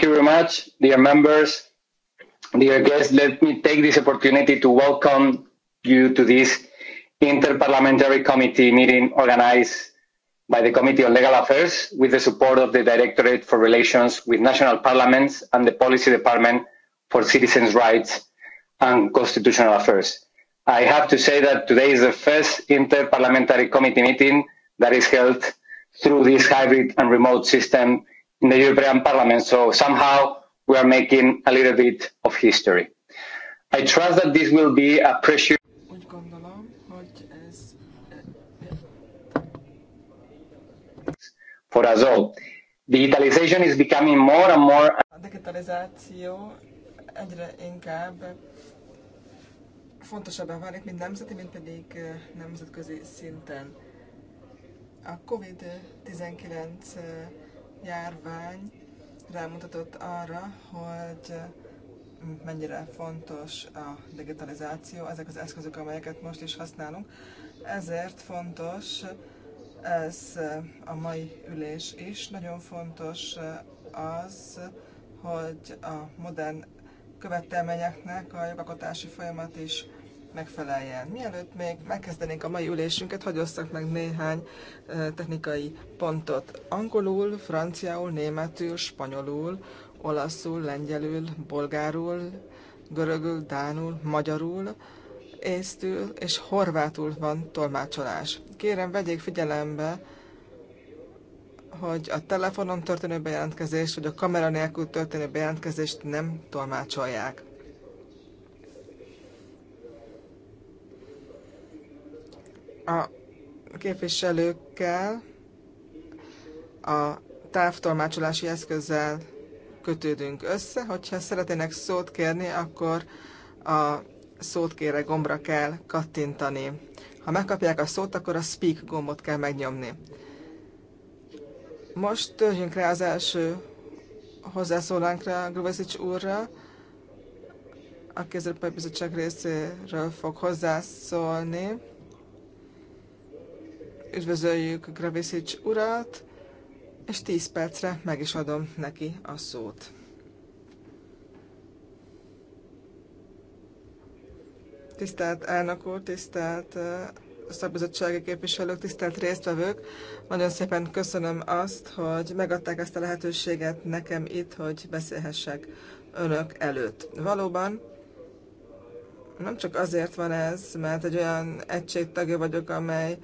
Thank you very much, dear members, dear guests. Let me take this opportunity to welcome you to this Interparliamentary Committee meeting organized by the Committee on Legal Affairs with the support of the Directorate for Relations with National Parliaments and the Policy Department for Citizens' Rights and Constitutional Affairs. I have to say that today is the first Interparliamentary Committee meeting that is held through this hybrid and remote system in the European Parliament. So somehow we are making a little bit of history. I trust that this will be a pressure. for us all. Digitalization is becoming more and more. A digitalizáció egyre inkább fontosabbá válik, mint nemzeti, mint pedig nemzetközi szinten. A COVID-19 járvány rámutatott arra, hogy mennyire fontos a digitalizáció, ezek az eszközök, amelyeket most is használunk. Ezért fontos ez a mai ülés is. Nagyon fontos az, hogy a modern követelményeknek a jogakotási folyamat is megfeleljen. Mielőtt még megkezdenénk a mai ülésünket, hagyosszak meg néhány technikai pontot. Angolul, franciául, németül, spanyolul, olaszul, lengyelül, bolgárul, görögül, dánul, magyarul, észtül és horvátul van tolmácsolás. Kérem, vegyék figyelembe, hogy a telefonon történő bejelentkezést, vagy a kamera nélkül történő bejelentkezést nem tolmácsolják. a képviselőkkel a távtolmácsolási eszközzel kötődünk össze. Hogyha szeretnének szót kérni, akkor a szót kére gombra kell kattintani. Ha megkapják a szót, akkor a speak gombot kell megnyomni. Most törjünk rá az első hozzászólánkra, Grubesics úrra, aki az Európai Bizottság részéről fog hozzászólni. Üdvözöljük Gravisics urat, és 10 percre meg is adom neki a szót. Tisztelt elnök úr, tisztelt szakbizottsági képviselők, tisztelt résztvevők! Nagyon szépen köszönöm azt, hogy megadták ezt a lehetőséget nekem itt, hogy beszélhessek önök előtt. Valóban nem csak azért van ez, mert egy olyan egység tagja vagyok, amely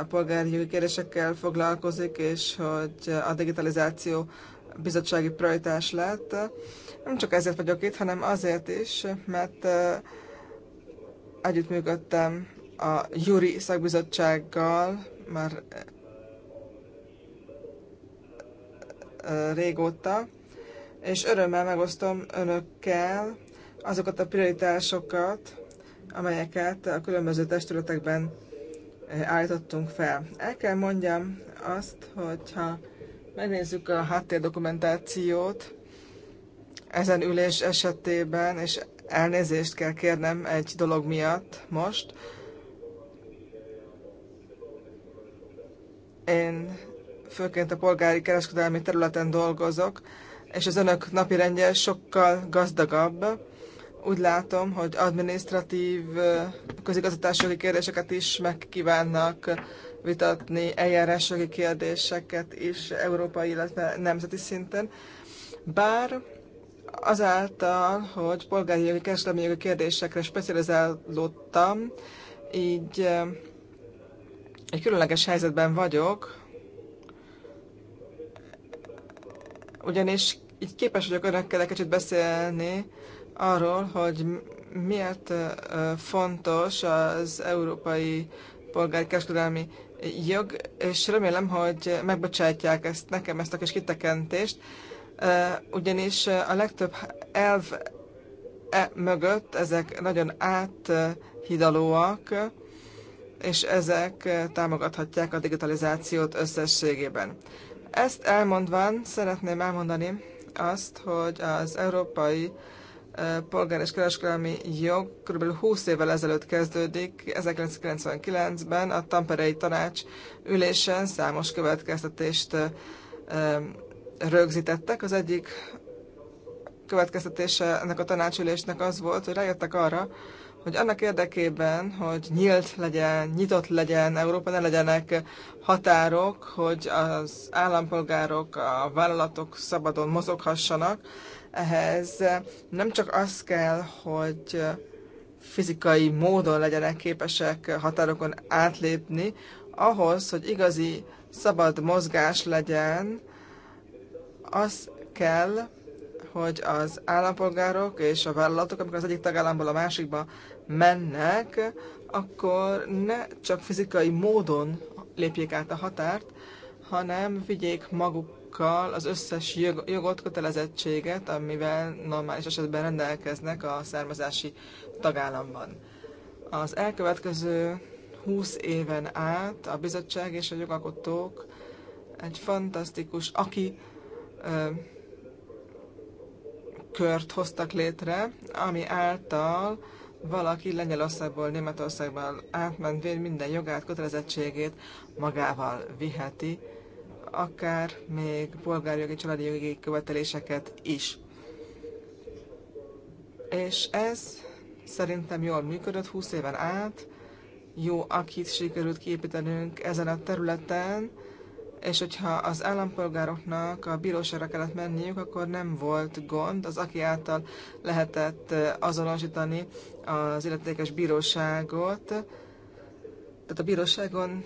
a polgári kérdésekkel foglalkozik, és hogy a digitalizáció bizottsági prioritás lett. Nem csak ezért vagyok itt, hanem azért is, mert együttműködtem a Juri szakbizottsággal már régóta, és örömmel megosztom önökkel azokat a prioritásokat, amelyeket a különböző testületekben állítottunk fel. El kell mondjam azt, hogyha megnézzük a háttérdokumentációt ezen ülés esetében, és elnézést kell kérnem egy dolog miatt most. Én főként a polgári kereskedelmi területen dolgozok, és az önök napi rendje sokkal gazdagabb, úgy látom, hogy adminisztratív közigazgatási kérdéseket is megkívánnak vitatni, eljárásjogi kérdéseket is európai, illetve nemzeti szinten. Bár azáltal, hogy polgári jogi, kereskedelmi jogi kérdésekre specializálódtam, így egy különleges helyzetben vagyok, ugyanis így képes vagyok önökkel egy kicsit beszélni arról, hogy miért fontos az európai polgári kereskedelmi jog, és remélem, hogy megbocsátják ezt nekem, ezt a kis kitekentést, ugyanis a legtöbb elv e mögött ezek nagyon áthidalóak, és ezek támogathatják a digitalizációt összességében. Ezt elmondván szeretném elmondani azt, hogy az európai polgár és kereskedelmi jog kb. 20 évvel ezelőtt kezdődik, 1999-ben a Tamperei Tanács ülésen számos következtetést rögzítettek. Az egyik következtetése ennek a tanácsülésnek az volt, hogy rájöttek arra, hogy annak érdekében, hogy nyílt legyen, nyitott legyen Európa, ne legyenek határok, hogy az állampolgárok, a vállalatok szabadon mozoghassanak, ehhez nem csak az kell, hogy fizikai módon legyenek képesek határokon átlépni, ahhoz, hogy igazi szabad mozgás legyen, az kell, hogy az állampolgárok és a vállalatok, amikor az egyik tagállamból a másikba mennek, akkor ne csak fizikai módon lépjék át a határt, hanem vigyék maguk jogokkal, az összes jogot, kötelezettséget, amivel normális esetben rendelkeznek a származási tagállamban. Az elkövetkező 20 éven át a bizottság és a jogalkotók egy fantasztikus, aki ö, kört hoztak létre, ami által valaki Lengyelországból, Németországból átmentvén minden jogát, kötelezettségét magával viheti, akár még polgárjogi, családi jogi követeléseket is. És ez szerintem jól működött 20 éven át, jó akit sikerült kiépítenünk ezen a területen, és hogyha az állampolgároknak a bíróságra kellett menniük, akkor nem volt gond. Az aki által lehetett azonosítani az illetékes bíróságot, tehát a bíróságon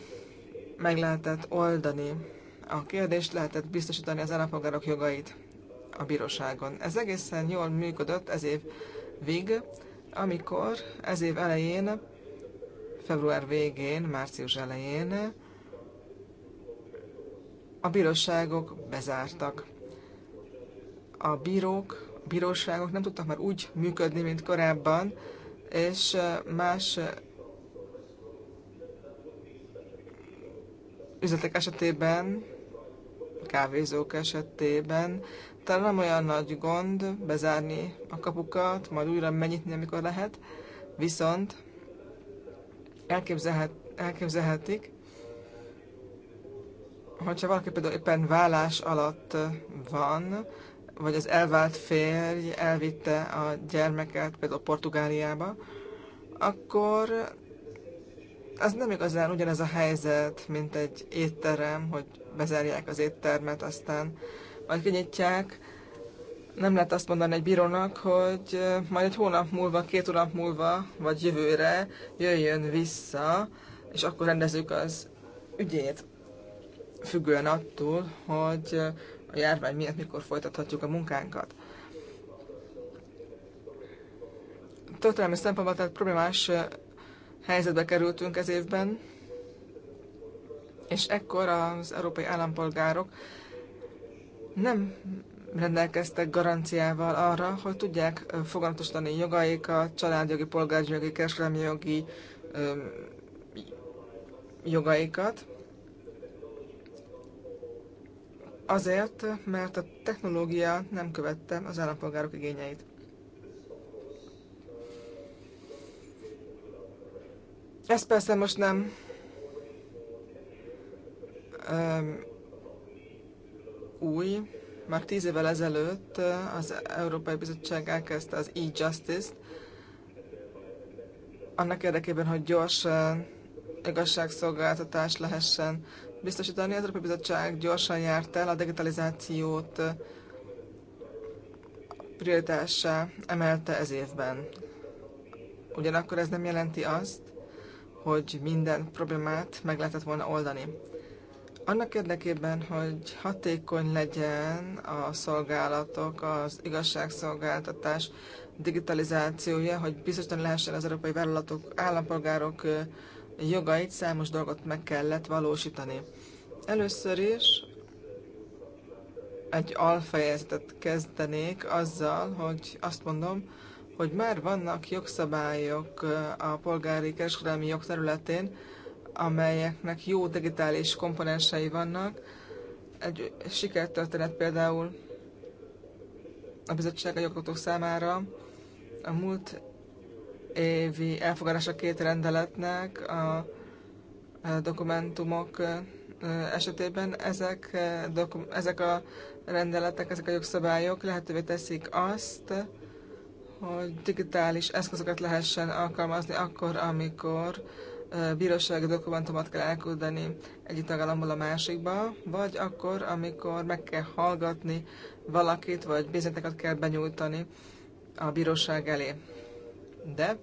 meg lehetett oldani a kérdést, lehetett biztosítani az állampolgárok jogait a bíróságon. Ez egészen jól működött ez év vég, amikor ez év elején, február végén, március elején a bíróságok bezártak. A bírók, a bíróságok nem tudtak már úgy működni, mint korábban, és más üzletek esetében kávézók esetében. Talán nem olyan nagy gond bezárni a kapukat, majd újra megnyitni, amikor lehet, viszont elképzelhet, elképzelhetik, hogyha valaki például éppen vállás alatt van, vagy az elvált férj elvitte a gyermeket például Portugáliába, akkor az nem igazán ugyanez a helyzet, mint egy étterem, hogy bezárják az éttermet, aztán majd kinyitják. Nem lehet azt mondani egy bírónak, hogy majd egy hónap múlva, két hónap múlva, vagy jövőre jöjjön vissza, és akkor rendezzük az ügyét függően attól, hogy a járvány miatt mikor folytathatjuk a munkánkat. Történelmi szempontból tehát problémás helyzetbe kerültünk ez évben, és ekkor az európai állampolgárok nem rendelkeztek garanciával arra, hogy tudják foganatosítani jogaikat, családjogi, polgárjogi, kereskedelmi jogi jogaikat. Azért, mert a technológia nem követte az állampolgárok igényeit. Ez persze most nem um, új. Már tíz évvel ezelőtt az Európai Bizottság elkezdte az e-justice-t, annak érdekében, hogy gyors igazságszolgáltatást lehessen biztosítani. Az Európai Bizottság gyorsan járt el a digitalizációt prioritássá emelte ez évben. Ugyanakkor ez nem jelenti azt, hogy minden problémát meg lehetett volna oldani. Annak érdekében, hogy hatékony legyen a szolgálatok, az igazságszolgáltatás digitalizációja, hogy biztosan lehessen az európai vállalatok, állampolgárok jogait, számos dolgot meg kellett valósítani. Először is egy alfejezetet kezdenék azzal, hogy azt mondom, hogy már vannak jogszabályok a polgári kereskedelmi jogterületén, területén, amelyeknek jó digitális komponensei vannak. Egy sikertörténet például a bizottság a jogotok számára a múlt évi elfogadása két rendeletnek a dokumentumok esetében ezek, dokum, ezek a rendeletek, ezek a jogszabályok lehetővé teszik azt, hogy digitális eszközöket lehessen alkalmazni akkor, amikor bírósági dokumentumot kell elküldeni egyik tagállamból a másikba, vagy akkor, amikor meg kell hallgatni valakit, vagy bizonyítékokat kell benyújtani a bíróság elé. De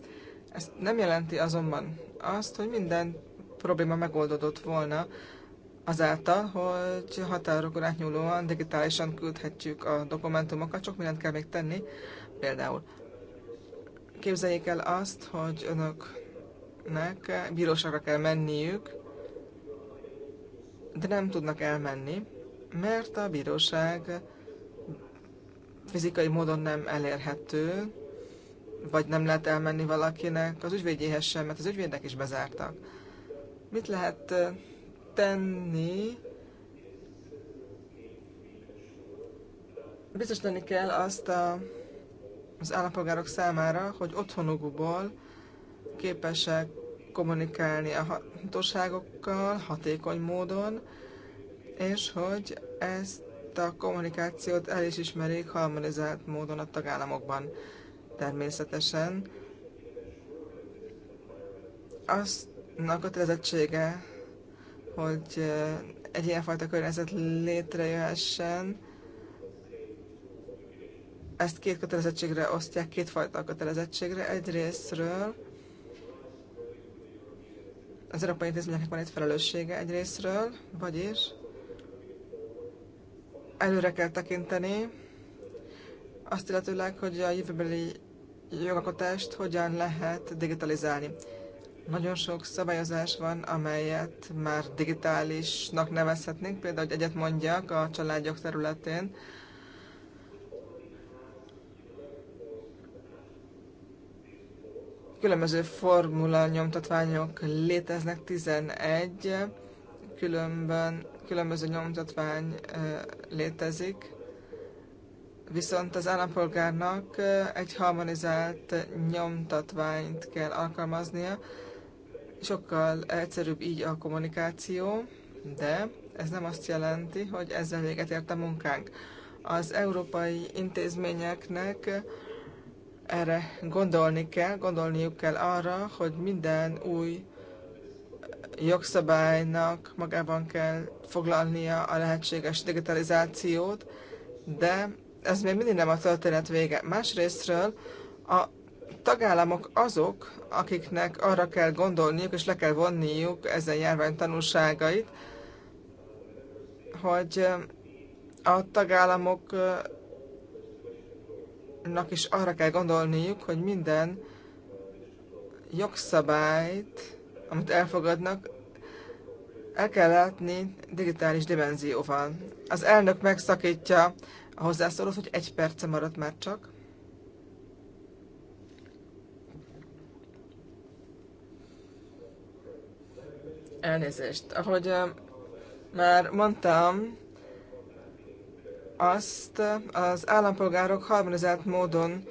ez nem jelenti azonban azt, hogy minden probléma megoldódott volna azáltal, hogy határokon átnyúlóan digitálisan küldhetjük a dokumentumokat, csak mindent kell még tenni, például Képzeljék el azt, hogy önöknek bíróságra kell menniük, de nem tudnak elmenni, mert a bíróság fizikai módon nem elérhető, vagy nem lehet elmenni valakinek az ügyvédjéhez sem, mert az ügyvédek is bezártak. Mit lehet tenni? Biztosítani kell azt a az állampolgárok számára, hogy otthonukból képesek kommunikálni a hatóságokkal hatékony módon, és hogy ezt a kommunikációt el is ismerik harmonizált módon a tagállamokban természetesen. Aznak a kötelezettsége, hogy egy ilyenfajta környezet létrejöhessen, ezt két kötelezettségre osztják, kétfajta kötelezettségre. Egyrésztről az európai intézményeknek van egy felelőssége egyrésztről, vagyis előre kell tekinteni, azt illetőleg, hogy a jövőbeli jogalkotást hogyan lehet digitalizálni. Nagyon sok szabályozás van, amelyet már digitálisnak nevezhetnénk, például, hogy egyet mondjak a családjog területén, Különböző formula nyomtatványok léteznek, 11 különben, különböző nyomtatvány létezik, viszont az állampolgárnak egy harmonizált nyomtatványt kell alkalmaznia, sokkal egyszerűbb így a kommunikáció, de ez nem azt jelenti, hogy ezzel véget ért a munkánk. Az európai intézményeknek erre gondolni kell, gondolniuk kell arra, hogy minden új jogszabálynak magában kell foglalnia a lehetséges digitalizációt, de ez még mindig nem a történet vége. Másrésztről a tagállamok azok, akiknek arra kell gondolniuk és le kell vonniuk ezen járvány tanulságait, hogy a tagállamok nak is arra kell gondolniuk, hogy minden jogszabályt, amit elfogadnak, el kell látni digitális dimenzióval. Az elnök megszakítja a hozzászólót, hogy egy perce maradt már csak. Elnézést. Ahogy már mondtam, azt az állampolgárok harmonizált módon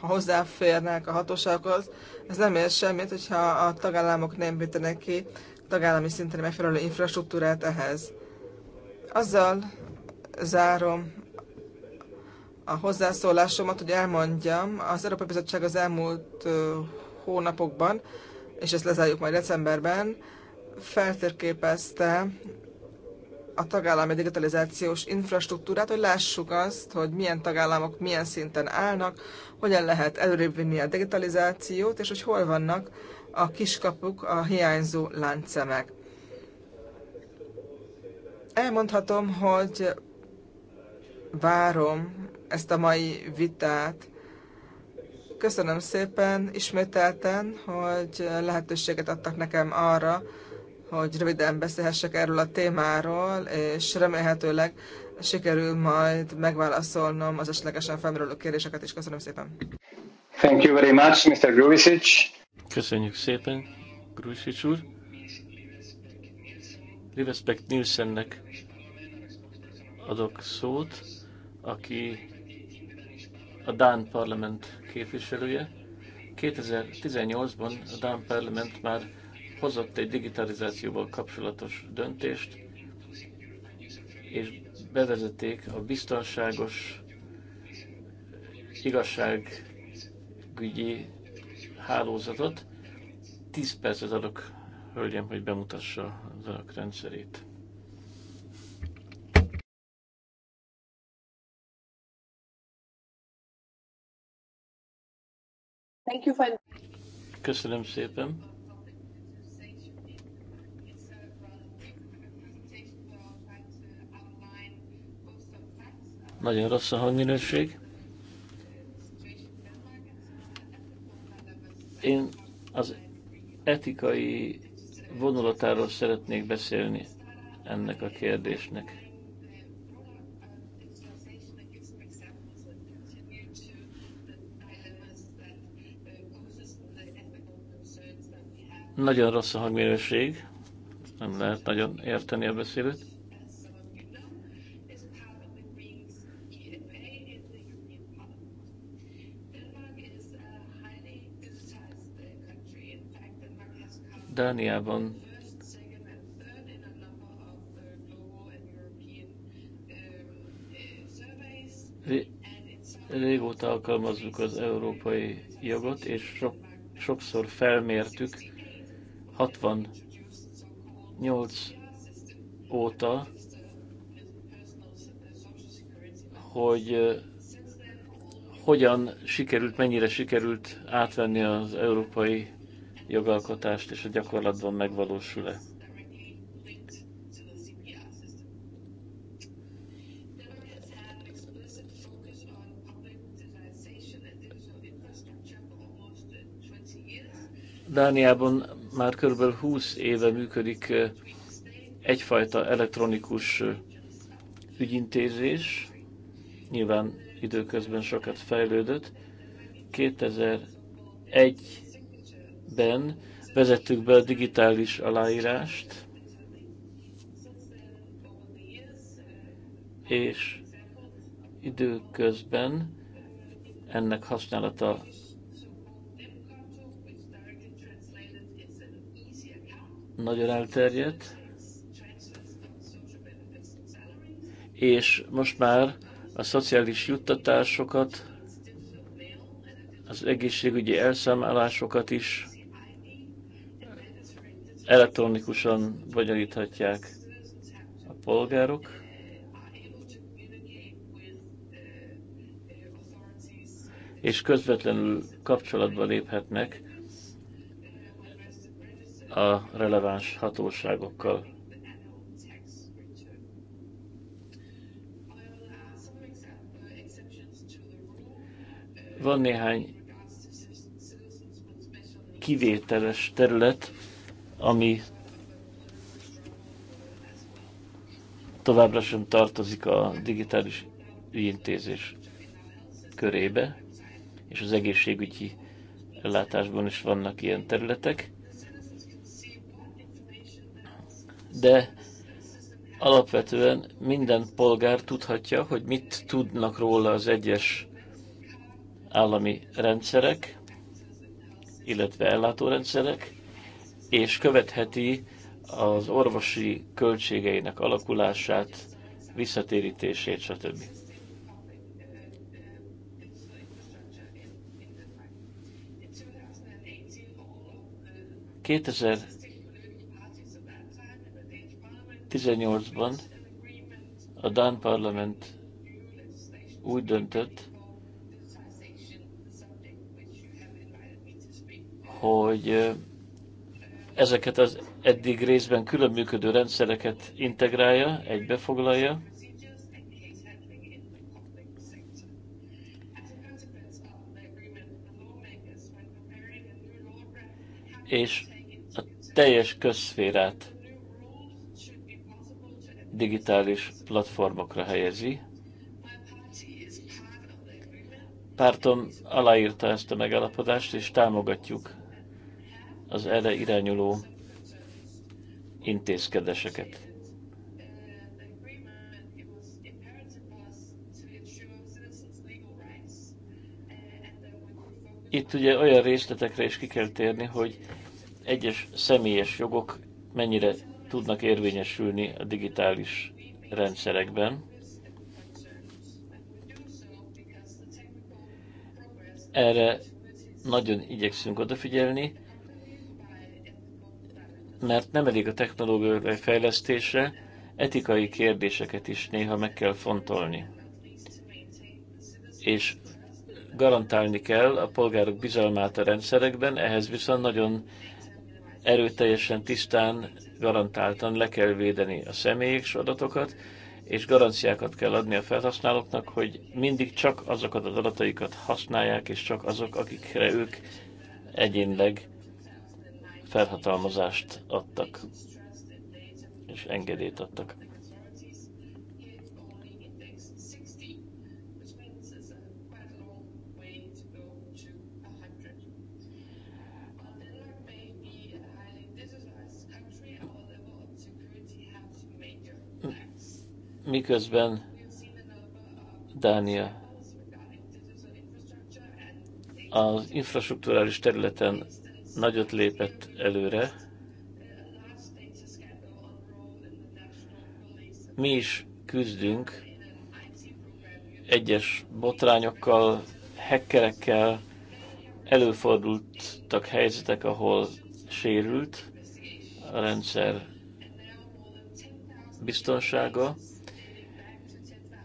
ha hozzáférnek a hatósághoz, ez nem ér semmit, hogyha a tagállamok nem bítenek ki tagállami szinten megfelelő infrastruktúrát ehhez. Azzal zárom a hozzászólásomat, hogy elmondjam, az Európai Bizottság az elmúlt hónapokban, és ezt lezárjuk majd decemberben, feltérképezte a tagállami digitalizációs infrastruktúrát, hogy lássuk azt, hogy milyen tagállamok milyen szinten állnak, hogyan lehet előrébb vinni a digitalizációt, és hogy hol vannak a kiskapuk, a hiányzó láncszemek. Elmondhatom, hogy várom ezt a mai vitát. Köszönöm szépen ismételten, hogy lehetőséget adtak nekem arra, hogy röviden beszélhessek erről a témáról, és remélhetőleg sikerül majd megválaszolnom az esetlegesen felmerülő kérdéseket is. Köszönöm szépen. Thank you very much, Mr. Gruvisic. Köszönjük szépen, Gruvisic úr. Livespect Nielsennek adok szót, aki a Dán parlament képviselője. 2018-ban a Dán parlament már hozott egy digitalizációval kapcsolatos döntést, és bevezették a biztonságos igazságügyi hálózatot. Tíz percet adok, hölgyem, hogy bemutassa az önök rendszerét. Köszönöm szépen. Nagyon rossz a hangminőség. Én az etikai vonulatáról szeretnék beszélni ennek a kérdésnek. Nagyon rossz a hangminőség, nem lehet nagyon érteni a beszélőt. Dániában régóta alkalmazzuk az európai jogot, és sokszor felmértük 68 óta, hogy hogyan sikerült, mennyire sikerült átvenni az európai jogalkotást, és a gyakorlatban megvalósul-e. Dániában már kb. 20 éve működik egyfajta elektronikus ügyintézés, nyilván időközben sokat fejlődött. 2001 ben vezettük be a digitális aláírást, és időközben ennek használata nagyon elterjedt, és most már a szociális juttatásokat, az egészségügyi elszámolásokat is elektronikusan bonyolíthatják a polgárok. és közvetlenül kapcsolatba léphetnek a releváns hatóságokkal. Van néhány kivételes terület, ami továbbra sem tartozik a digitális ügyintézés körébe, és az egészségügyi ellátásban is vannak ilyen területek, de alapvetően minden polgár tudhatja, hogy mit tudnak róla az egyes állami rendszerek, illetve ellátórendszerek, és követheti az orvosi költségeinek alakulását, visszatérítését, stb. Kétezer 18-ban a Dán parlament úgy döntött, hogy ezeket az eddig részben külön működő rendszereket integrálja, egybefoglalja, és a teljes közszférát digitális platformokra helyezi. Pártom aláírta ezt a megállapodást, és támogatjuk az erre irányuló intézkedéseket. Itt ugye olyan részletekre is ki kell térni, hogy egyes személyes jogok mennyire tudnak érvényesülni a digitális rendszerekben. Erre nagyon igyekszünk odafigyelni, mert nem elég a technológiai fejlesztésre, etikai kérdéseket is néha meg kell fontolni. És garantálni kell a polgárok bizalmát a rendszerekben, ehhez viszont nagyon erőteljesen, tisztán, garantáltan le kell védeni a személyes adatokat, és garanciákat kell adni a felhasználóknak, hogy mindig csak azokat az adataikat használják, és csak azok, akikre ők egyénleg felhatalmazást adtak, és engedélyt adtak. miközben Dánia az infrastruktúrális területen nagyot lépett előre. Mi is küzdünk egyes botrányokkal, hekkerekkel, előfordultak helyzetek, ahol sérült a rendszer biztonsága,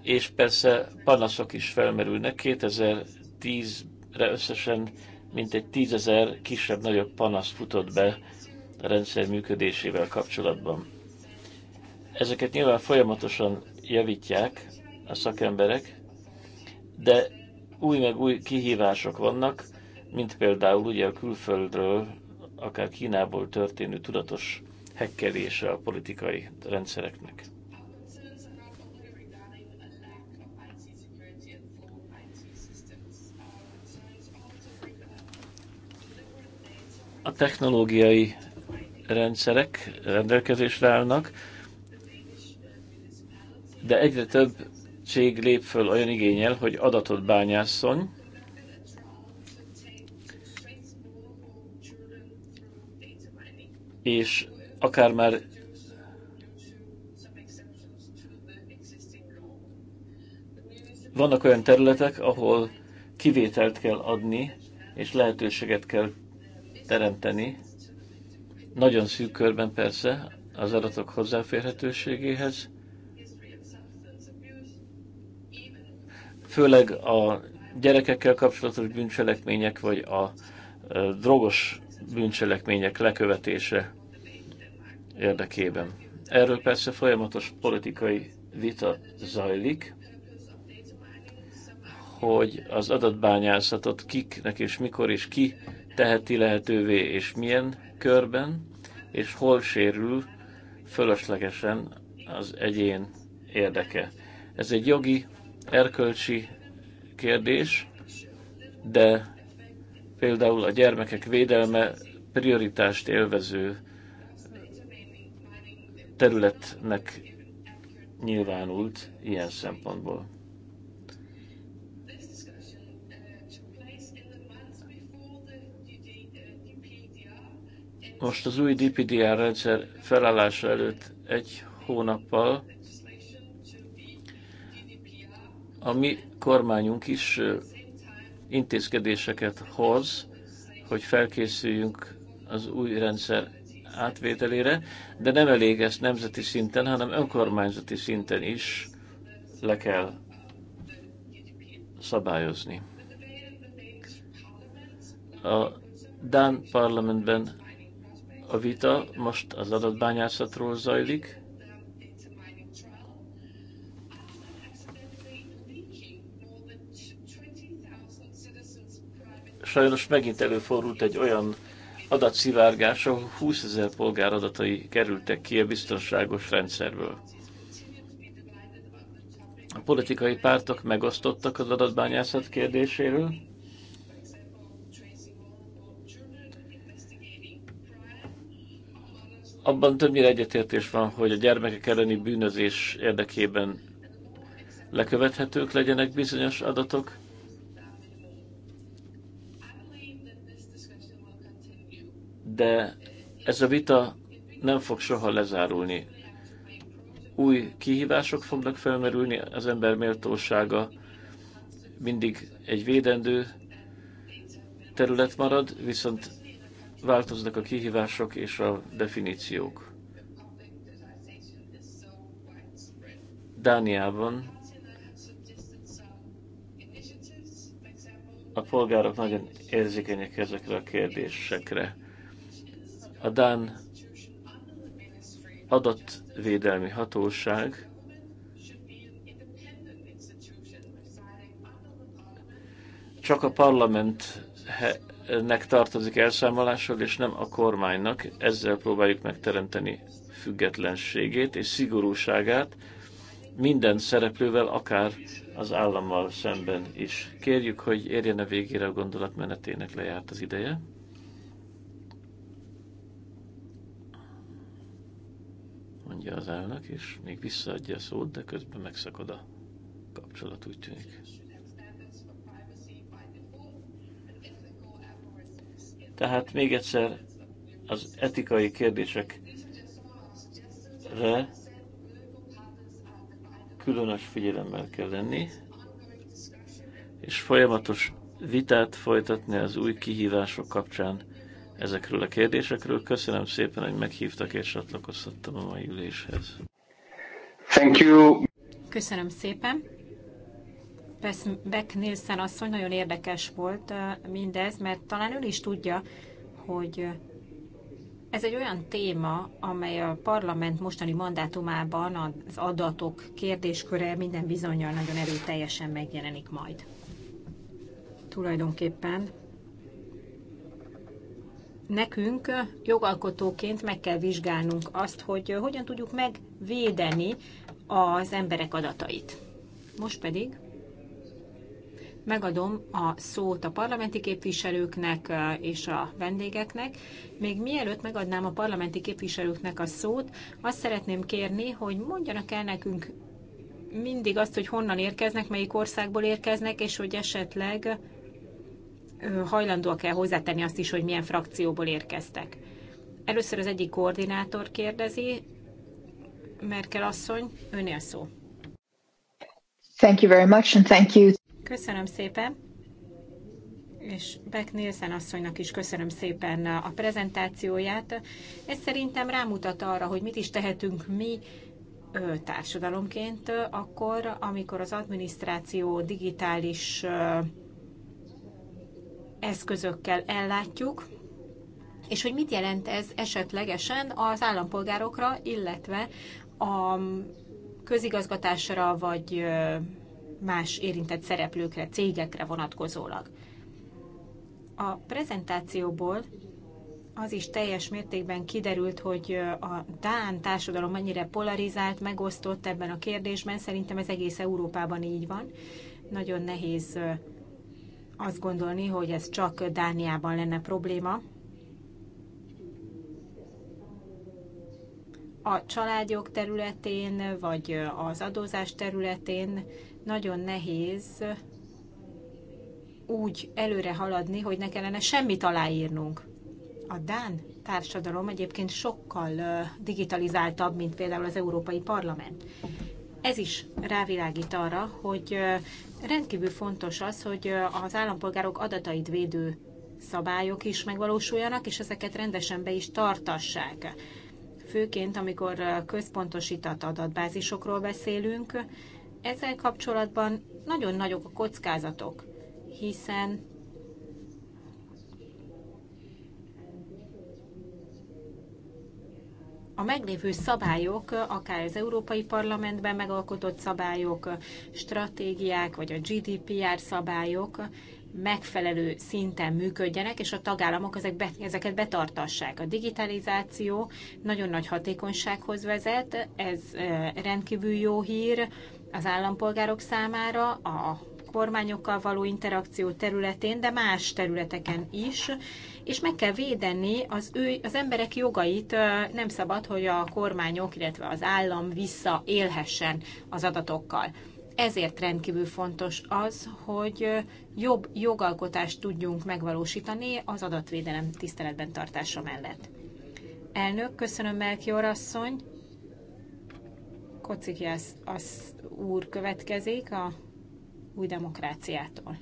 és persze panaszok is felmerülnek. 2010-re összesen mint egy tízezer kisebb-nagyobb panasz futott be a rendszer működésével kapcsolatban. Ezeket nyilván folyamatosan javítják a szakemberek, de új meg új kihívások vannak, mint például ugye a külföldről, akár Kínából történő tudatos hekkelése a politikai rendszereknek. a technológiai rendszerek rendelkezésre állnak, de egyre több cég lép föl olyan igényel, hogy adatot bányásszon, és akár már vannak olyan területek, ahol kivételt kell adni, és lehetőséget kell teremteni, nagyon szűk körben persze, az adatok hozzáférhetőségéhez, főleg a gyerekekkel kapcsolatos bűncselekmények, vagy a drogos bűncselekmények lekövetése érdekében. Erről persze folyamatos politikai vita zajlik, hogy az adatbányászatot kiknek és mikor és ki teheti lehetővé, és milyen körben, és hol sérül fölöslegesen az egyén érdeke. Ez egy jogi, erkölcsi kérdés, de például a gyermekek védelme prioritást élvező területnek nyilvánult ilyen szempontból. Most az új DPDR rendszer felállása előtt egy hónappal a mi kormányunk is intézkedéseket hoz, hogy felkészüljünk az új rendszer átvételére, de nem elég ezt nemzeti szinten, hanem önkormányzati szinten is le kell szabályozni. A Dán parlamentben a vita most az adatbányászatról zajlik. Sajnos megint előfordult egy olyan adatszivárgás, ahol 20 ezer polgár adatai kerültek ki a biztonságos rendszerből. A politikai pártok megosztottak az adatbányászat kérdéséről abban többnyire egyetértés van, hogy a gyermekek elleni bűnözés érdekében lekövethetők legyenek bizonyos adatok. De ez a vita nem fog soha lezárulni. Új kihívások fognak felmerülni, az ember méltósága mindig egy védendő terület marad, viszont változnak a kihívások és a definíciók. Dániában a polgárok nagyon érzékenyek ezekre a kérdésekre. A Dán adatvédelmi hatóság csak a parlament nek tartozik elszámolással, és nem a kormánynak. Ezzel próbáljuk megteremteni függetlenségét és szigorúságát minden szereplővel, akár az állammal szemben is. Kérjük, hogy érjen a végére a gondolatmenetének lejárt az ideje. Mondja az elnök, és még visszaadja a szót, de közben megszakad a kapcsolat, úgy tűnik. Tehát még egyszer az etikai kérdésekre különös figyelemmel kell lenni, és folyamatos vitát folytatni az új kihívások kapcsán ezekről a kérdésekről. Köszönöm szépen, hogy meghívtak és csatlakozhattam a mai üléshez. Thank you. Köszönöm szépen. Beck Nielsen asszony, nagyon érdekes volt mindez, mert talán ő is tudja, hogy ez egy olyan téma, amely a parlament mostani mandátumában az adatok kérdésköre minden bizonyal nagyon erőteljesen megjelenik majd. Tulajdonképpen nekünk jogalkotóként meg kell vizsgálnunk azt, hogy hogyan tudjuk megvédeni az emberek adatait. Most pedig megadom a szót a parlamenti képviselőknek és a vendégeknek. Még mielőtt megadnám a parlamenti képviselőknek a szót, azt szeretném kérni, hogy mondjanak el nekünk mindig azt, hogy honnan érkeznek, melyik országból érkeznek, és hogy esetleg hajlandóak-e hozzátenni azt is, hogy milyen frakcióból érkeztek. Először az egyik koordinátor kérdezi, Merkel asszony, önél szó. Thank you very much and thank you. Köszönöm szépen, és Beck Nielsen asszonynak is köszönöm szépen a prezentációját. Ez szerintem rámutat arra, hogy mit is tehetünk mi társadalomként akkor, amikor az adminisztráció digitális eszközökkel ellátjuk, és hogy mit jelent ez esetlegesen az állampolgárokra, illetve a közigazgatásra vagy más érintett szereplőkre, cégekre vonatkozólag. A prezentációból az is teljes mértékben kiderült, hogy a Dán társadalom mennyire polarizált, megosztott ebben a kérdésben. Szerintem ez egész Európában így van. Nagyon nehéz azt gondolni, hogy ez csak Dániában lenne probléma. A családjog területén, vagy az adózás területén nagyon nehéz úgy előre haladni, hogy ne kellene semmit aláírnunk. A Dán társadalom egyébként sokkal digitalizáltabb, mint például az Európai Parlament. Ez is rávilágít arra, hogy rendkívül fontos az, hogy az állampolgárok adatait védő szabályok is megvalósuljanak, és ezeket rendesen be is tartassák. Főként, amikor központosított adatbázisokról beszélünk, ezzel kapcsolatban nagyon nagyok a kockázatok, hiszen a meglévő szabályok, akár az Európai Parlamentben megalkotott szabályok, stratégiák, vagy a GDPR szabályok megfelelő szinten működjenek, és a tagállamok ezek be, ezeket betartassák. A digitalizáció nagyon nagy hatékonysághoz vezet, ez eh, rendkívül jó hír, az állampolgárok számára, a kormányokkal való interakció területén, de más területeken is, és meg kell védeni az, ő, az emberek jogait, nem szabad, hogy a kormányok, illetve az állam visszaélhessen az adatokkal. Ezért rendkívül fontos az, hogy jobb jogalkotást tudjunk megvalósítani az adatvédelem tiszteletben tartása mellett. Elnök, köszönöm Melchior asszony. Kocikjász az úr következik a új demokráciától.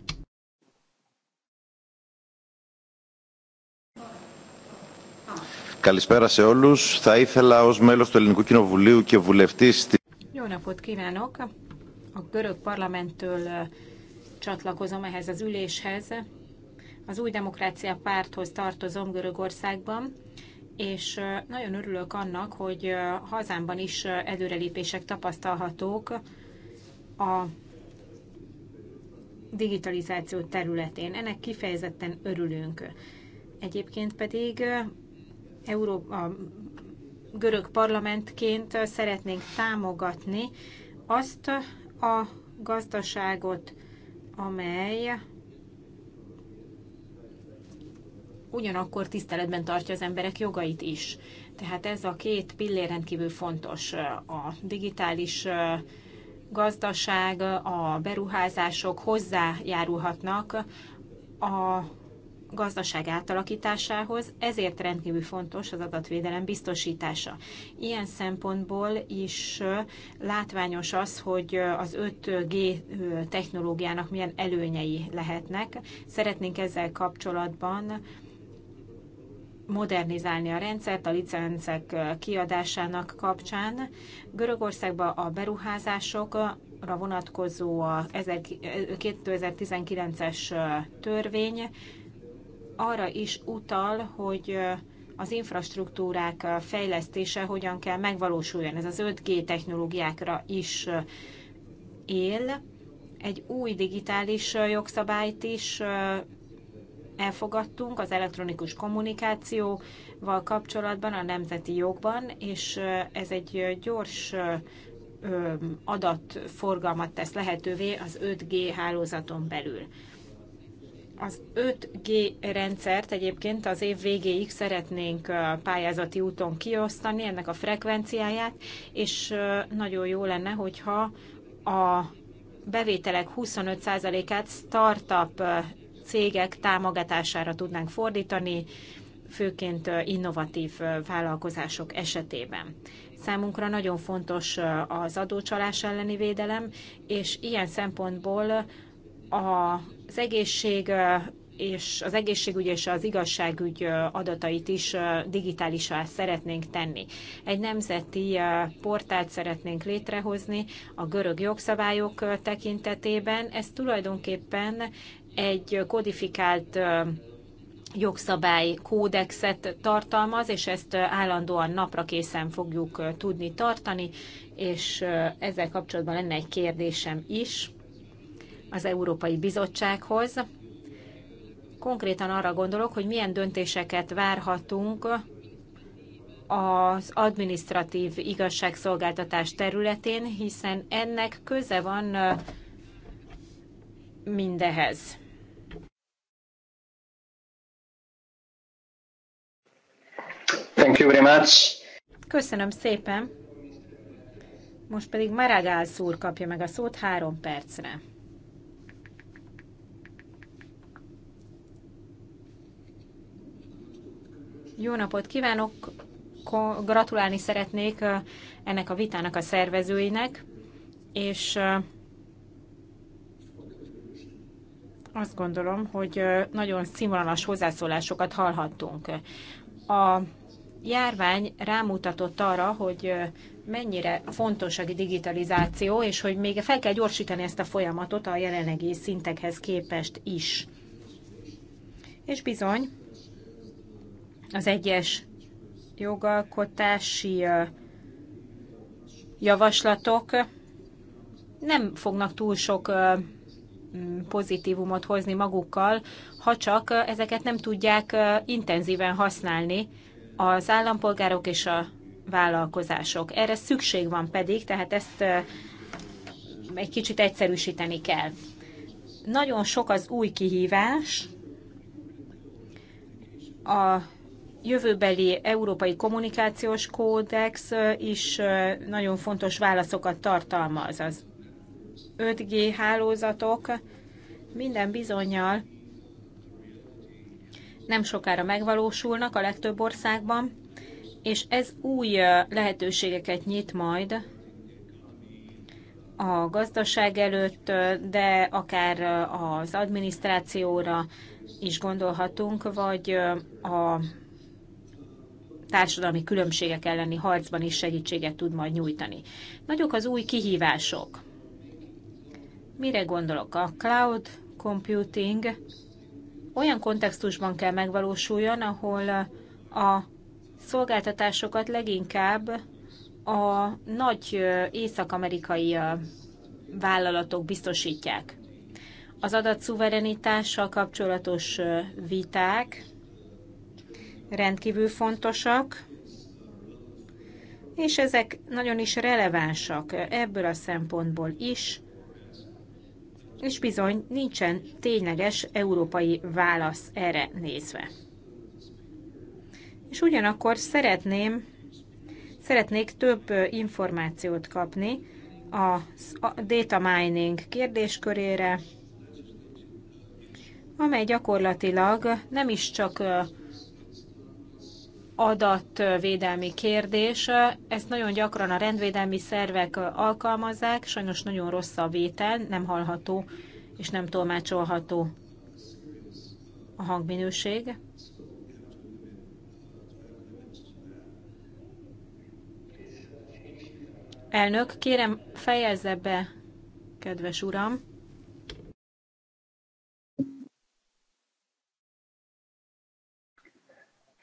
Καλησπέρα σε όλους. Θα ήθελα ως μέλος του Ελληνικού Κοινοβουλίου και βουλευτής... Jó napot kívánok! A görög parlamenttől csatlakozom ehhez az üléshez. Az új demokrácia párthoz tartozom Görögországban, és nagyon örülök annak, hogy hazámban is előrelépések tapasztalhatók a digitalizáció területén. Ennek kifejezetten örülünk. Egyébként pedig Európa, görög parlamentként szeretnénk támogatni azt a gazdaságot, amely ugyanakkor tiszteletben tartja az emberek jogait is. Tehát ez a két pillér rendkívül fontos. A digitális gazdaság, a beruházások hozzájárulhatnak a gazdaság átalakításához, ezért rendkívül fontos az adatvédelem biztosítása. Ilyen szempontból is látványos az, hogy az 5G technológiának milyen előnyei lehetnek. Szeretnénk ezzel kapcsolatban modernizálni a rendszert a licencek kiadásának kapcsán. Görögországban a beruházások a vonatkozó a 2019-es törvény arra is utal, hogy az infrastruktúrák fejlesztése hogyan kell megvalósuljon. Ez az 5G technológiákra is él. Egy új digitális jogszabályt is elfogadtunk az elektronikus kommunikációval kapcsolatban a nemzeti jogban, és ez egy gyors adatforgalmat tesz lehetővé az 5G hálózaton belül. Az 5G rendszert egyébként az év végéig szeretnénk pályázati úton kiosztani, ennek a frekvenciáját, és nagyon jó lenne, hogyha a bevételek 25%-át startup cégek támogatására tudnánk fordítani, főként innovatív vállalkozások esetében. Számunkra nagyon fontos az adócsalás elleni védelem, és ilyen szempontból az egészség és az egészségügy és az igazságügy adatait is digitálisá szeretnénk tenni. Egy nemzeti portált szeretnénk létrehozni a görög jogszabályok tekintetében. Ez tulajdonképpen egy kodifikált jogszabály kódexet tartalmaz, és ezt állandóan napra készen fogjuk tudni tartani, és ezzel kapcsolatban lenne egy kérdésem is az Európai Bizottsághoz. Konkrétan arra gondolok, hogy milyen döntéseket várhatunk az administratív igazságszolgáltatás területén, hiszen ennek köze van mindehez. Thank you very much. Köszönöm szépen. Most pedig Maragál úr kapja meg a szót három percre. Jó napot kívánok! Gratulálni szeretnék ennek a vitának a szervezőinek, és azt gondolom, hogy nagyon színvonalas hozzászólásokat hallhattunk. A járvány rámutatott arra, hogy mennyire fontos a digitalizáció, és hogy még fel kell gyorsítani ezt a folyamatot a jelenlegi szintekhez képest is. És bizony, az egyes jogalkotási javaslatok nem fognak túl sok pozitívumot hozni magukkal, ha csak ezeket nem tudják intenzíven használni az állampolgárok és a vállalkozások. Erre szükség van pedig, tehát ezt egy kicsit egyszerűsíteni kell. Nagyon sok az új kihívás, a jövőbeli európai kommunikációs kódex is nagyon fontos válaszokat tartalmaz. Az 5G hálózatok minden bizonyal nem sokára megvalósulnak a legtöbb országban, és ez új lehetőségeket nyit majd a gazdaság előtt, de akár az adminisztrációra is gondolhatunk, vagy a társadalmi különbségek elleni harcban is segítséget tud majd nyújtani. Nagyok az új kihívások. Mire gondolok? A cloud computing olyan kontextusban kell megvalósuljon, ahol a szolgáltatásokat leginkább a nagy észak-amerikai vállalatok biztosítják. Az adatszuverenitással kapcsolatos viták rendkívül fontosak, és ezek nagyon is relevánsak ebből a szempontból is, és bizony nincsen tényleges európai válasz erre nézve. És ugyanakkor szeretném, szeretnék több információt kapni a data mining kérdéskörére, amely gyakorlatilag nem is csak adatvédelmi kérdés. Ezt nagyon gyakran a rendvédelmi szervek alkalmazzák, sajnos nagyon rossz a vétel, nem hallható és nem tolmácsolható a hangminőség. Elnök, kérem fejezze be, kedves uram.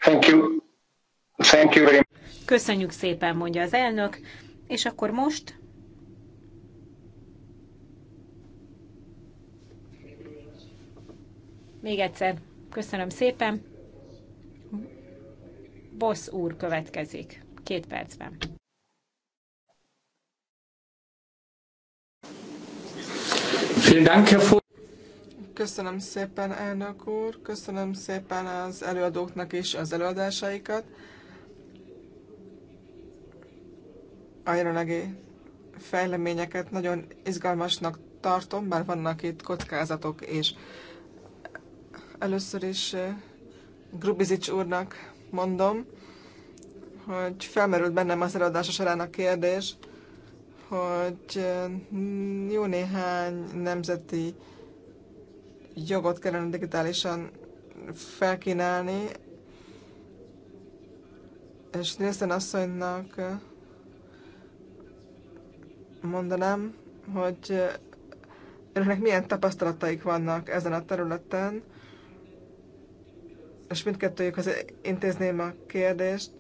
Thank you. Thank you very much. Köszönjük szépen, mondja az elnök. És akkor most Még egyszer köszönöm szépen. Boss úr következik. Két percben. Köszönöm szépen, elnök úr, köszönöm szépen az előadóknak is az előadásaikat. a jelenlegi fejleményeket nagyon izgalmasnak tartom, bár vannak itt kockázatok, és először is eh, Grubizics úrnak mondom, hogy felmerült bennem az előadása során a kérdés, hogy eh, jó néhány nemzeti jogot kellene digitálisan felkínálni, és Nielsen asszonynak eh, mondanám, hogy önöknek milyen tapasztalataik vannak ezen a területen, és mindkettőjükhez intézném a kérdést.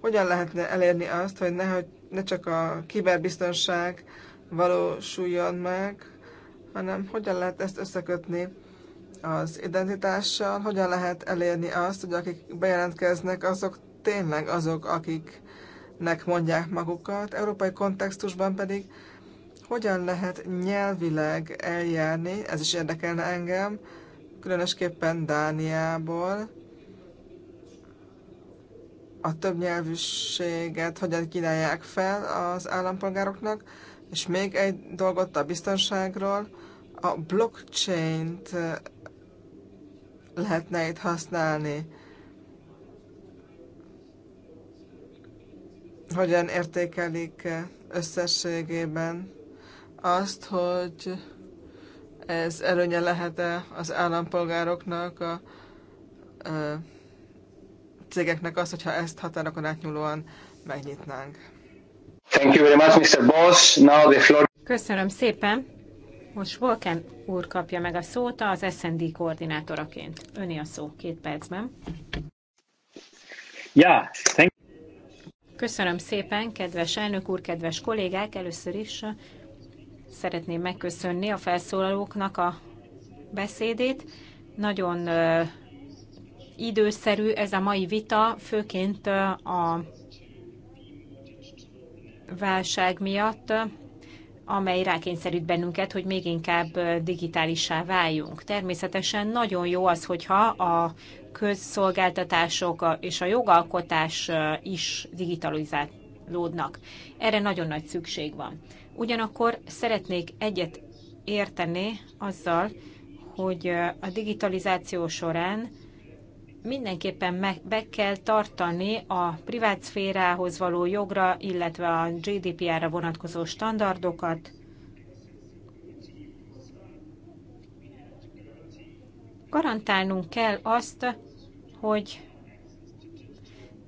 Hogyan lehetne elérni azt, hogy ne, hogy ne csak a kiberbiztonság valósuljon meg, hanem hogyan lehet ezt összekötni az identitással, hogyan lehet elérni azt, hogy akik bejelentkeznek, azok tényleg azok, akik nek mondják magukat, európai kontextusban pedig hogyan lehet nyelvileg eljárni, ez is érdekelne engem, különösképpen Dániából, a többnyelvűséget hogyan kínálják fel az állampolgároknak, és még egy dolgot a biztonságról, a blockchain-t lehetne itt használni. hogyan értékelik összességében azt, hogy ez előnye lehet-e az állampolgároknak, a, a cégeknek az, hogyha ezt határokon átnyúlóan megnyitnánk. Thank you very much, Mr. Boss. Now the floor... Köszönöm szépen. Most Volken úr kapja meg a szót az SND koordinátoraként. Öni a szó két percben. Ja, yeah, thank Köszönöm szépen, kedves elnök úr, kedves kollégák! Először is uh, szeretném megköszönni a felszólalóknak a beszédét. Nagyon uh, időszerű ez a mai vita, főként uh, a válság miatt amely rákényszerít bennünket, hogy még inkább digitálissá váljunk. Természetesen nagyon jó az, hogyha a közszolgáltatások és a jogalkotás is digitalizálódnak. Erre nagyon nagy szükség van. Ugyanakkor szeretnék egyet érteni azzal, hogy a digitalizáció során mindenképpen meg, be kell tartani a privátszférához való jogra, illetve a GDPR-ra vonatkozó standardokat. Garantálnunk kell azt, hogy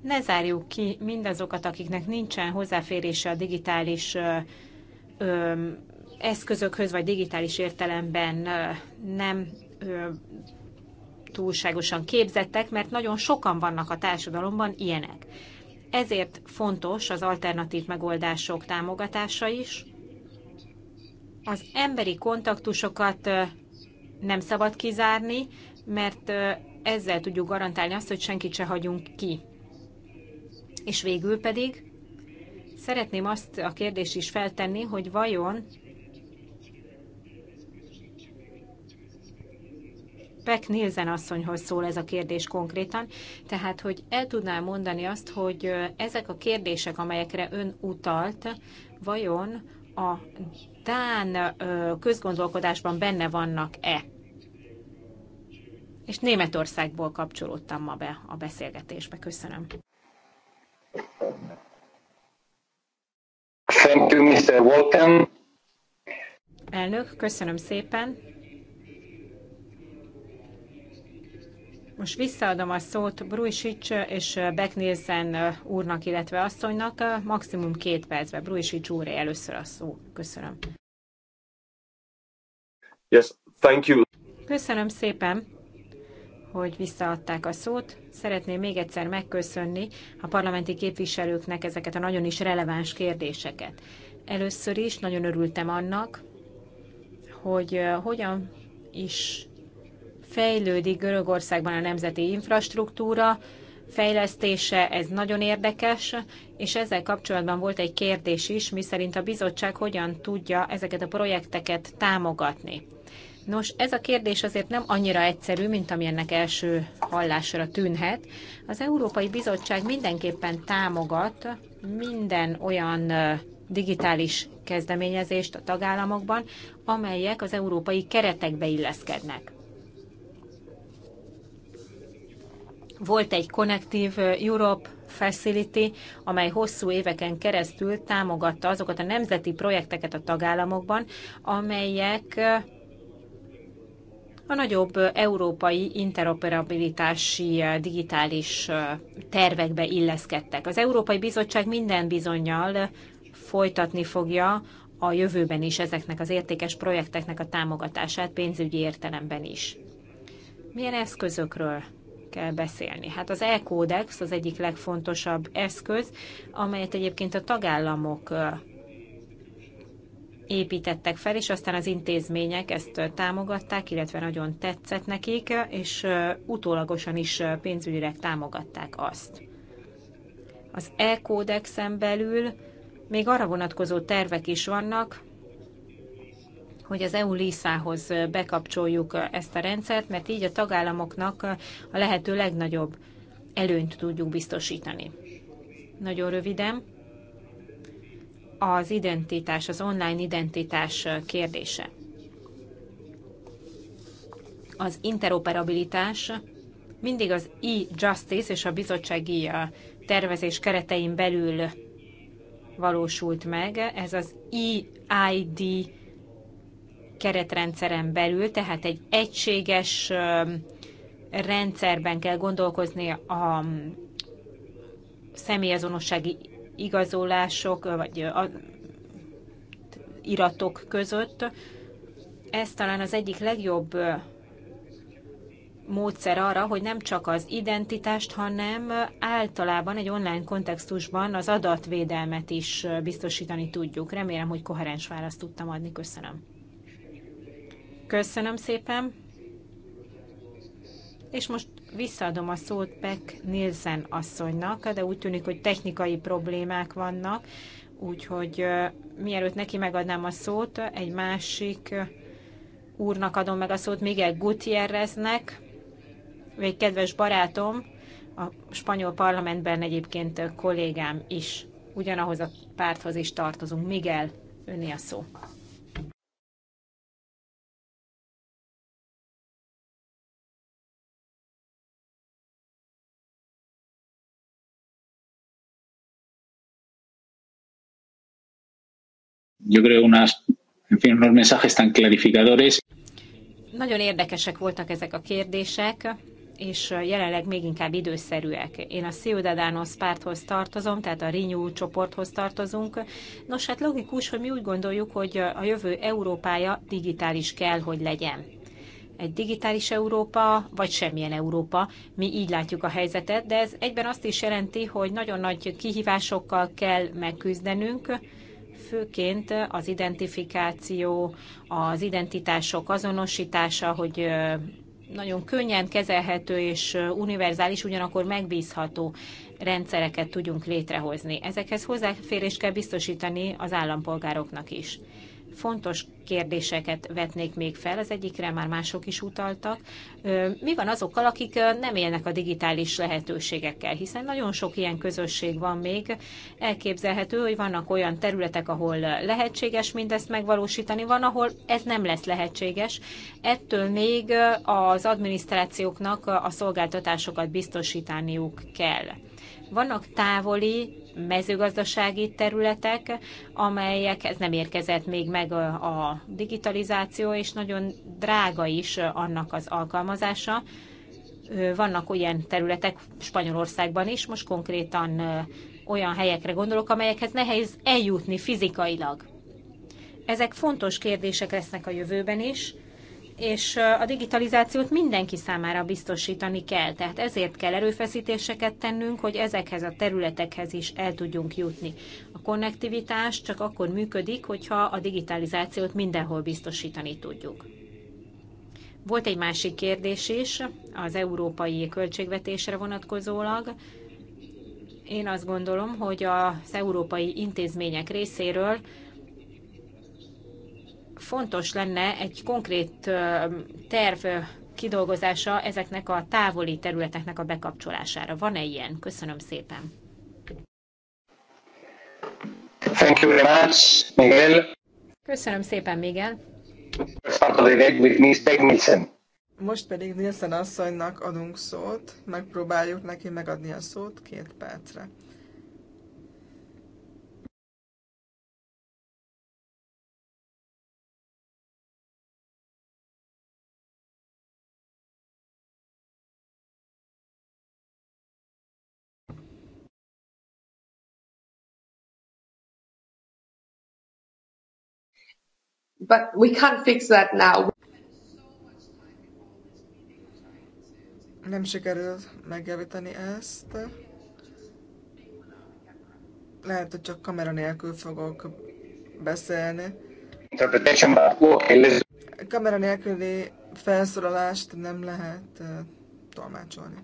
ne zárjuk ki mindazokat, akiknek nincsen hozzáférése a digitális ö, ö, eszközökhöz, vagy digitális értelemben ö, nem ö, túlságosan képzettek, mert nagyon sokan vannak a társadalomban ilyenek. Ezért fontos az alternatív megoldások támogatása is. Az emberi kontaktusokat nem szabad kizárni, mert ezzel tudjuk garantálni azt, hogy senkit se hagyunk ki. És végül pedig szeretném azt a kérdést is feltenni, hogy vajon Beck Nielsen asszonyhoz szól ez a kérdés konkrétan, tehát hogy el tudnál mondani azt, hogy ezek a kérdések, amelyekre ön utalt, vajon a Dán közgondolkodásban benne vannak-e? És Németországból kapcsolódtam ma be a beszélgetésbe. Köszönöm. Thank you, Mr. Walken. Elnök, köszönöm szépen. Most visszaadom a szót Brujsics és Becknélsen úrnak, illetve asszonynak. Maximum két percben. Brujsics úr először a szó. Köszönöm. Yes, thank you. Köszönöm szépen hogy visszaadták a szót. Szeretném még egyszer megköszönni a parlamenti képviselőknek ezeket a nagyon is releváns kérdéseket. Először is nagyon örültem annak, hogy eh, hogyan is fejlődik Görögországban a nemzeti infrastruktúra fejlesztése, ez nagyon érdekes, és ezzel kapcsolatban volt egy kérdés is, miszerint a bizottság hogyan tudja ezeket a projekteket támogatni. Nos, ez a kérdés azért nem annyira egyszerű, mint amilyennek első hallásra tűnhet. Az Európai Bizottság mindenképpen támogat minden olyan digitális kezdeményezést a tagállamokban, amelyek az európai keretekbe illeszkednek. Volt egy Connective Europe Facility, amely hosszú éveken keresztül támogatta azokat a nemzeti projekteket a tagállamokban, amelyek a nagyobb európai interoperabilitási digitális tervekbe illeszkedtek. Az Európai Bizottság minden bizonyal folytatni fogja a jövőben is ezeknek az értékes projekteknek a támogatását pénzügyi értelemben is. Milyen eszközökről kell beszélni. Hát az e-kódex az egyik legfontosabb eszköz, amelyet egyébként a tagállamok építettek fel, és aztán az intézmények ezt támogatták, illetve nagyon tetszett nekik, és utólagosan is pénzügyileg támogatták azt. Az e-kódexen belül még arra vonatkozó tervek is vannak, hogy az EU lisszához bekapcsoljuk ezt a rendszert, mert így a tagállamoknak a lehető legnagyobb előnyt tudjuk biztosítani. Nagyon röviden, az identitás, az online identitás kérdése. Az interoperabilitás mindig az e-justice és a bizottsági tervezés keretein belül valósult meg. Ez az EID keretrendszeren belül, tehát egy egységes rendszerben kell gondolkozni a személyazonossági igazolások vagy a iratok között. Ez talán az egyik legjobb módszer arra, hogy nem csak az identitást, hanem általában egy online kontextusban az adatvédelmet is biztosítani tudjuk. Remélem, hogy koherens választ tudtam adni. Köszönöm. Köszönöm szépen. És most visszaadom a szót Beck Nielsen asszonynak, de úgy tűnik, hogy technikai problémák vannak, úgyhogy mielőtt neki megadnám a szót, egy másik úrnak adom meg a szót, Miguel Gutierreznek, egy kedves barátom, a spanyol parlamentben egyébként kollégám is, ugyanahoz a párthoz is tartozunk. Miguel, öné a szó. yo creo, unas, en fin, unos mensajes tan clarificadores. Nagyon érdekesek voltak ezek a kérdések, és jelenleg még inkább időszerűek. Én a Ciudadanos párthoz tartozom, tehát a Renew csoporthoz tartozunk. Nos, hát logikus, hogy mi úgy gondoljuk, hogy a jövő Európája digitális kell, hogy legyen. Egy digitális Európa, vagy semmilyen Európa, mi így látjuk a helyzetet, de ez egyben azt is jelenti, hogy nagyon nagy kihívásokkal kell megküzdenünk, főként az identifikáció, az identitások azonosítása, hogy nagyon könnyen kezelhető és univerzális, ugyanakkor megbízható rendszereket tudjunk létrehozni. Ezekhez hozzáférést kell biztosítani az állampolgároknak is fontos kérdéseket vetnék még fel, az egyikre már mások is utaltak. Mi van azokkal, akik nem élnek a digitális lehetőségekkel, hiszen nagyon sok ilyen közösség van még. Elképzelhető, hogy vannak olyan területek, ahol lehetséges mindezt megvalósítani, van, ahol ez nem lesz lehetséges. Ettől még az adminisztrációknak a szolgáltatásokat biztosítaniuk kell. Vannak távoli mezőgazdasági területek, amelyek ez nem érkezett még meg a digitalizáció, és nagyon drága is annak az alkalmazása. Vannak olyan területek Spanyolországban is, most konkrétan olyan helyekre gondolok, amelyekhez nehéz eljutni fizikailag. Ezek fontos kérdések lesznek a jövőben is, és a digitalizációt mindenki számára biztosítani kell. Tehát ezért kell erőfeszítéseket tennünk, hogy ezekhez a területekhez is el tudjunk jutni. A konnektivitás csak akkor működik, hogyha a digitalizációt mindenhol biztosítani tudjuk. Volt egy másik kérdés is az európai költségvetésre vonatkozólag. Én azt gondolom, hogy az európai intézmények részéről fontos lenne egy konkrét terv kidolgozása ezeknek a távoli területeknek a bekapcsolására. Van-e ilyen? Köszönöm szépen. Thank you very much, Miguel. Köszönöm szépen, Miguel. Most pedig Nielsen asszonynak adunk szót, megpróbáljuk neki megadni a szót két percre. but we can't fix that now. Nem sikerült megjavítani ezt. Lehet, hogy csak kamera nélkül fogok beszélni. Kamera nélküli felszólalást nem lehet eh, tolmácsolni.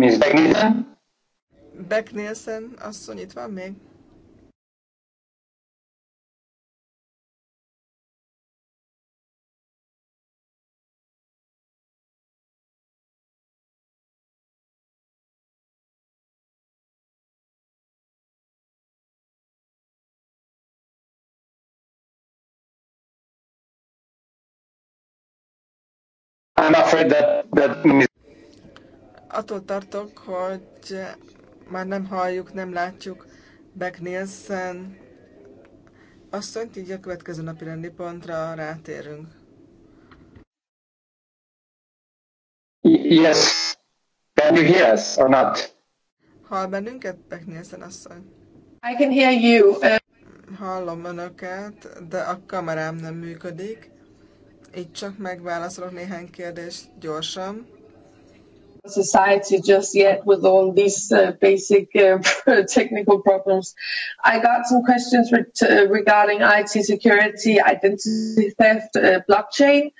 Miss Beck-Nielsen? Beck-Nielsen asszony itt van még? I'm afraid that, that means attól tartok, hogy már nem halljuk, nem látjuk Beck Nielsen asszonyt, így a következő napi rendi pontra rátérünk. Yes. Can you hear us or not? Hall bennünket, Beck Nielsen asszony? I can hear you. Hallom önöket, de a kamerám nem működik. Így csak megválaszolok néhány kérdést gyorsan society just yet with all these uh, basic uh, technical problems. I got some questions re- regarding IT security, identity theft, uh, blockchain.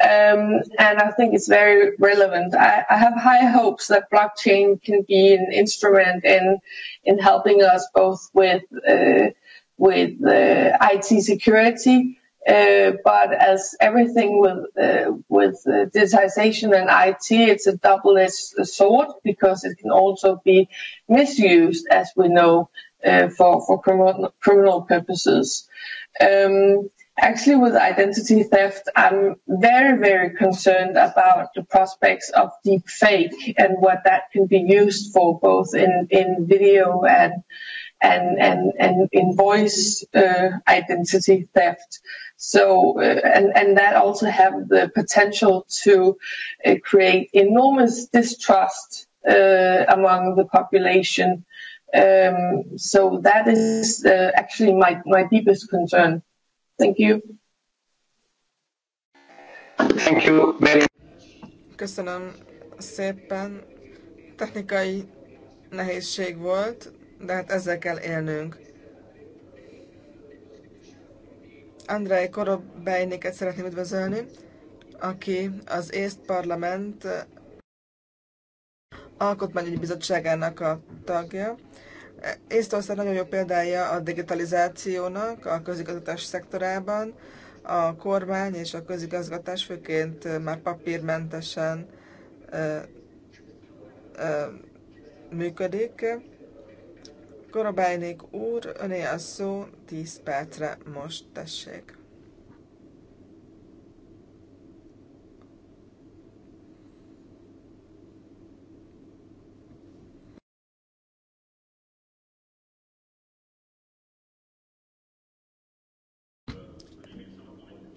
Um, and I think it's very relevant. I, I have high hopes that blockchain can be an instrument in in helping us both with uh, with uh, IT security, Uh, but as everything with uh, with uh, digitization and IT, it's a double-edged sword because it can also be misused, as we know, uh, for for criminal criminal purposes. Um, actually, with identity theft, I'm very very concerned about the prospects of deep fake and what that can be used for, both in in video and and and and invoice uh, identity theft. So uh, and and that also have the potential to uh, create enormous distrust uh, among the population. Um, so that is uh, actually my my deepest concern. Thank you. Thank you very Köszönöm szépen. Technikai nehézség volt, de hát ezzel kell élnünk. Andrei Korobejnéket szeretném üdvözölni, aki az észt parlament alkotmányügyi bizottságának a tagja. Észtország nagyon jó példája a digitalizációnak a közigazgatás szektorában. A kormány és a közigazgatás főként már papírmentesen működik. Korobájnék úr, öné a szó 10 percre most, tessék.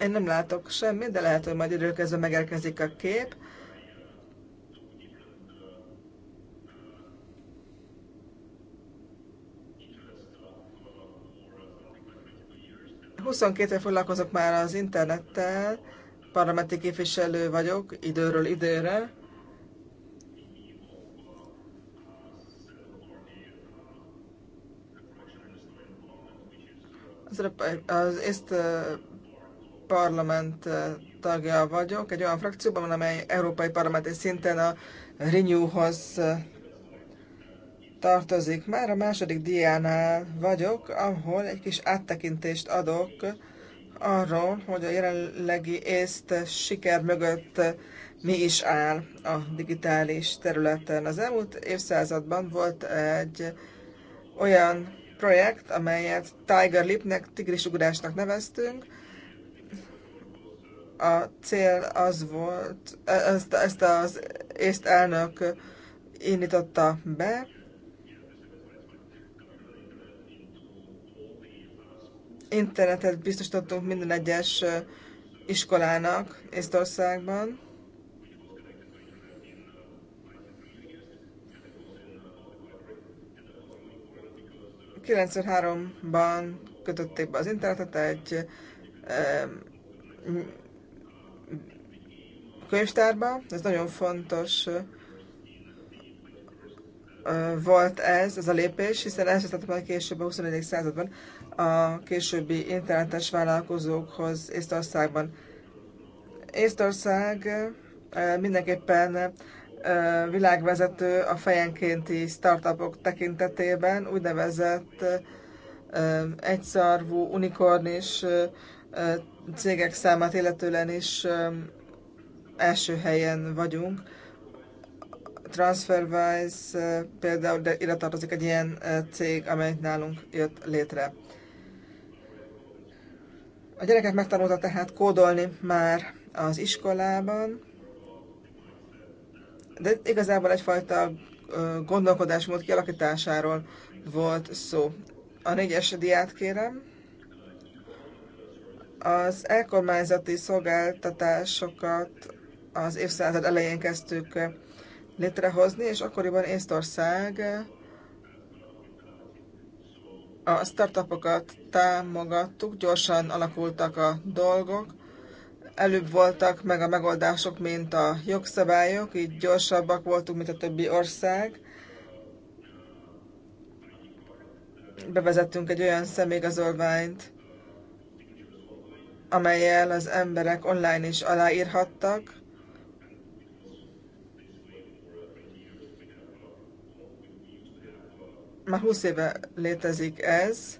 Én nem látok semmit, de lehet, hogy majd időközben megérkezik a kép. 22 év foglalkozok már az internettel, parlamenti képviselő vagyok, időről időre. Az, az észt parlament tagja vagyok, egy olyan frakcióban, amely európai parlamenti szinten a Renewhoz tartozik. Már a második diánál vagyok, ahol egy kis áttekintést adok arról, hogy a jelenlegi észt siker mögött mi is áll a digitális területen. Az elmúlt évszázadban volt egy olyan projekt, amelyet Tiger Lipnek, tigrisugrásnak neveztünk. A cél az volt, e- ezt, ezt az észt elnök indította be, internetet biztosítottunk minden egyes iskolának Észtországban. ban kötötték be az internetet egy könyvtárba, ez nagyon fontos volt ez, ez a lépés, hiszen ezt vezet majd később a XXI. században a későbbi internetes vállalkozókhoz Észtországban. Észtország mindenképpen világvezető a fejenkénti startupok tekintetében, úgynevezett egyszarvú, unikornis cégek számát illetően is első helyen vagyunk TransferWise például de ide tartozik egy ilyen cég, amely nálunk jött létre. A gyerekek megtanultak tehát kódolni már az iskolában, de igazából egyfajta gondolkodásmód kialakításáról volt szó. A négyes diát kérem. Az elkormányzati szolgáltatásokat az évszázad elején kezdtük létrehozni, és akkoriban Észtország a startupokat támogattuk, gyorsan alakultak a dolgok, előbb voltak meg a megoldások, mint a jogszabályok, így gyorsabbak voltunk, mint a többi ország. Bevezettünk egy olyan személyigazolványt, amelyel az emberek online is aláírhattak, Már 20 éve létezik ez.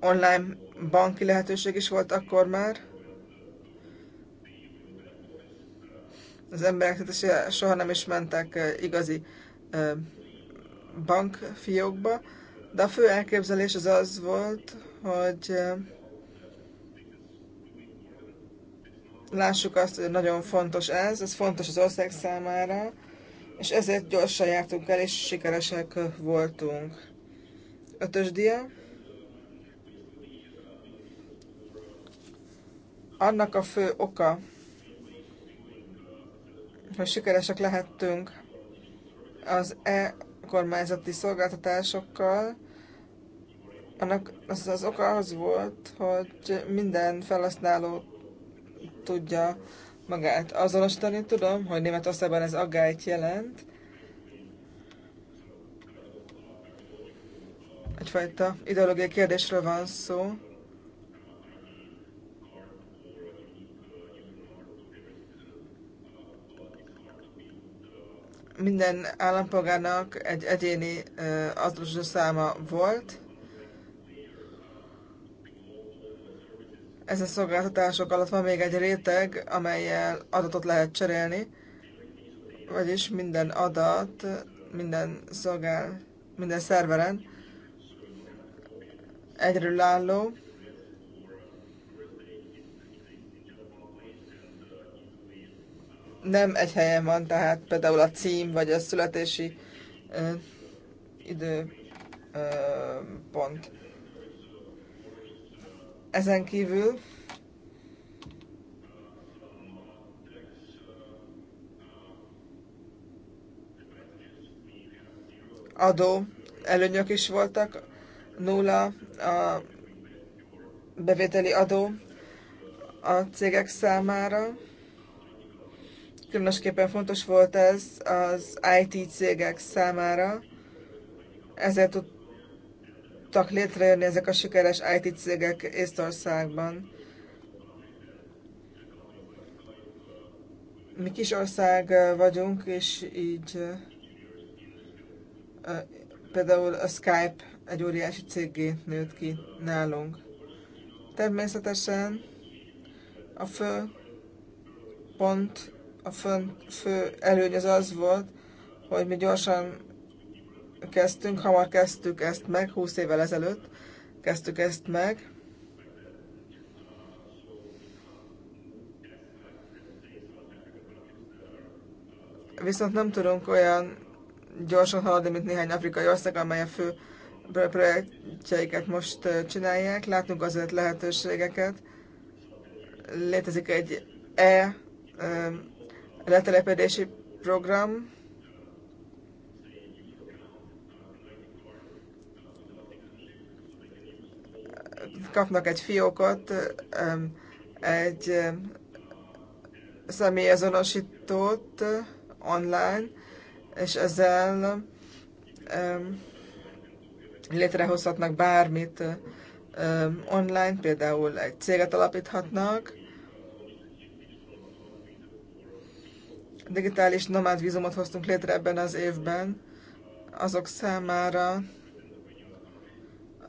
Online banki lehetőség is volt akkor már. Az emberek soha nem is mentek igazi bankfiókba, de a fő elképzelés az az volt, hogy lássuk azt, hogy nagyon fontos ez, ez fontos az ország számára, és ezért gyorsan jártunk el, és sikeresek voltunk. Ötös dia. Annak a fő oka, hogy sikeresek lehettünk az e-kormányzati szolgáltatásokkal, annak az, az oka az volt, hogy minden felhasználó tudja magát azonosítani. Tudom, hogy Németországban ez aggályt jelent. Egyfajta ideológiai kérdésről van szó. Minden állampolgárnak egy egyéni azonosító száma volt, Ezen szolgáltatások alatt van még egy réteg, amelyel adatot lehet cserélni, vagyis minden adat, minden szolgál, minden szerveren egyről álló, nem egy helyen van, tehát például a cím vagy a születési ö, pont. Ezen kívül adó előnyök is voltak, nulla a bevételi adó a cégek számára. Különösképpen fontos volt ez az IT cégek számára, ezért tudtuk tudtak létrejönni ezek a sikeres IT cégek Észtországban. Mi kis ország vagyunk, és így például a Skype egy óriási cégé nőtt ki nálunk. Természetesen a fő pont, a fő, előny az az volt, hogy mi gyorsan kezdtünk, hamar kezdtük ezt meg, 20 évvel ezelőtt kezdtük ezt meg. Viszont nem tudunk olyan gyorsan haladni, mint néhány afrikai ország, amely a fő projektjeiket most csinálják. Látunk azért lehetőségeket. Létezik egy E letelepedési program, kapnak egy fiókot, egy személyazonosítót eh, online, és ezzel létrehozhatnak bármit eh, online, például egy céget alapíthatnak, digitális nomád vízumot hoztunk létre ebben az évben azok számára,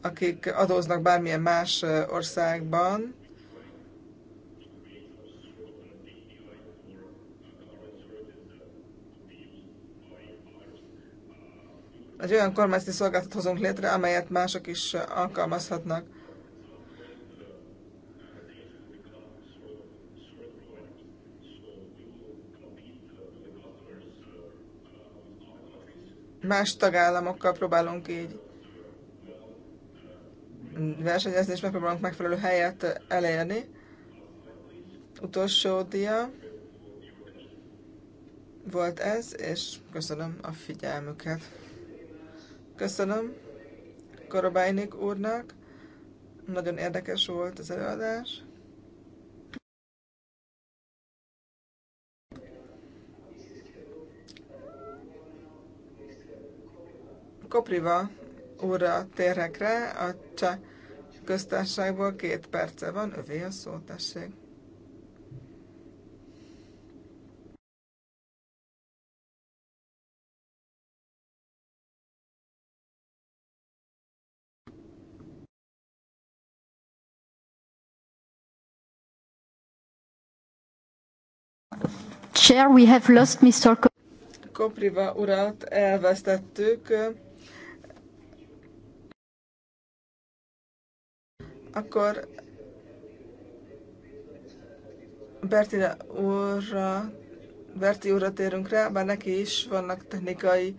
akik adóznak bármilyen más országban, egy olyan kormányzati szolgáltat hozunk létre, amelyet mások is alkalmazhatnak. Más tagállamokkal próbálunk így versenyezni, és megpróbálunk megfelelő helyet elérni. Utolsó dia volt ez, és köszönöm a figyelmüket. Köszönöm Korobájnik úrnak, nagyon érdekes volt az előadás. Kopriva úrra térhek rá, a cseh köztársaságból két perce van, övé a szó, tessék. Chair, we have lost Mr. Kopriva urat elvesztettük. akkor Bertira úrra, Berti úrra térünk rá, bár neki is vannak technikai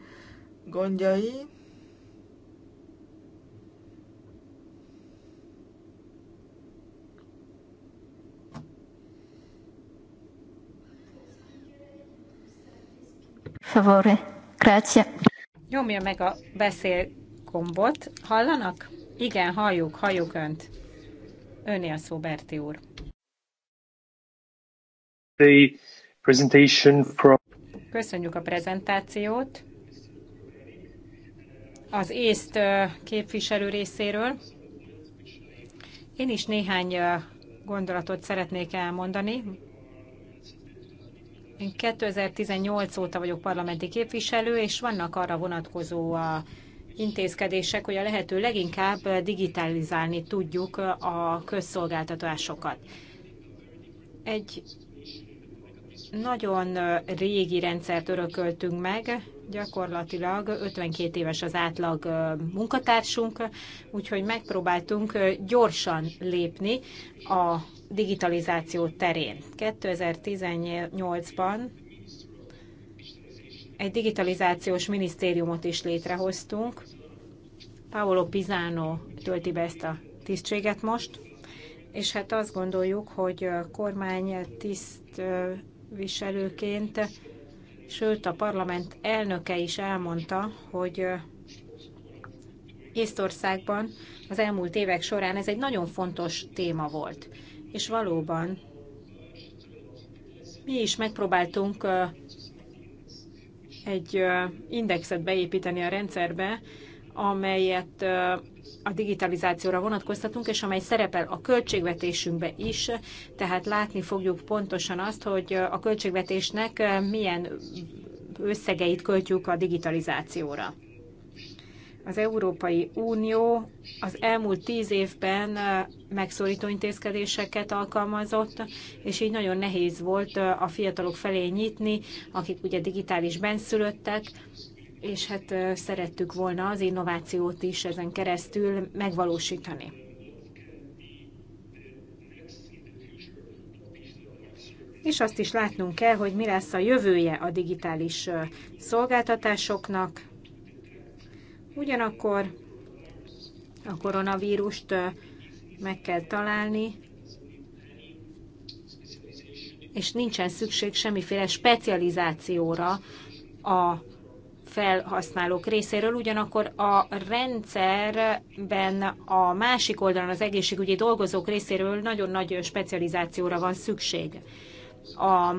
gondjai. Favore, grazie. Nyomja meg a beszél gombot. Hallanak? Igen, halljuk, halljuk Önt. Öné a szó, Berti úr. The presentation from... Köszönjük a prezentációt az észt képviselő részéről. Én is néhány gondolatot szeretnék elmondani. Én 2018 óta vagyok parlamenti képviselő, és vannak arra vonatkozó intézkedések, hogy a lehető leginkább digitalizálni tudjuk a közszolgáltatásokat. Egy nagyon régi rendszert örököltünk meg, gyakorlatilag 52 éves az átlag munkatársunk, úgyhogy megpróbáltunk gyorsan lépni a digitalizáció terén. 2018-ban egy digitalizációs minisztériumot is létrehoztunk. Paolo Pizano tölti be ezt a tisztséget most, és hát azt gondoljuk, hogy kormány tisztviselőként, sőt a parlament elnöke is elmondta, hogy Észtországban az elmúlt évek során ez egy nagyon fontos téma volt. És valóban mi is megpróbáltunk egy indexet beépíteni a rendszerbe, amelyet a digitalizációra vonatkoztatunk, és amely szerepel a költségvetésünkbe is, tehát látni fogjuk pontosan azt, hogy a költségvetésnek milyen összegeit költjük a digitalizációra az Európai Unió az elmúlt tíz évben megszorító intézkedéseket alkalmazott, és így nagyon nehéz volt a fiatalok felé nyitni, akik ugye digitális benszülöttek, és hát szerettük volna az innovációt is ezen keresztül megvalósítani. És azt is látnunk kell, hogy mi lesz a jövője a digitális szolgáltatásoknak, Ugyanakkor a koronavírust meg kell találni, és nincsen szükség semmiféle specializációra a felhasználók részéről, ugyanakkor a rendszerben a másik oldalon az egészségügyi dolgozók részéről nagyon nagy specializációra van szükség. A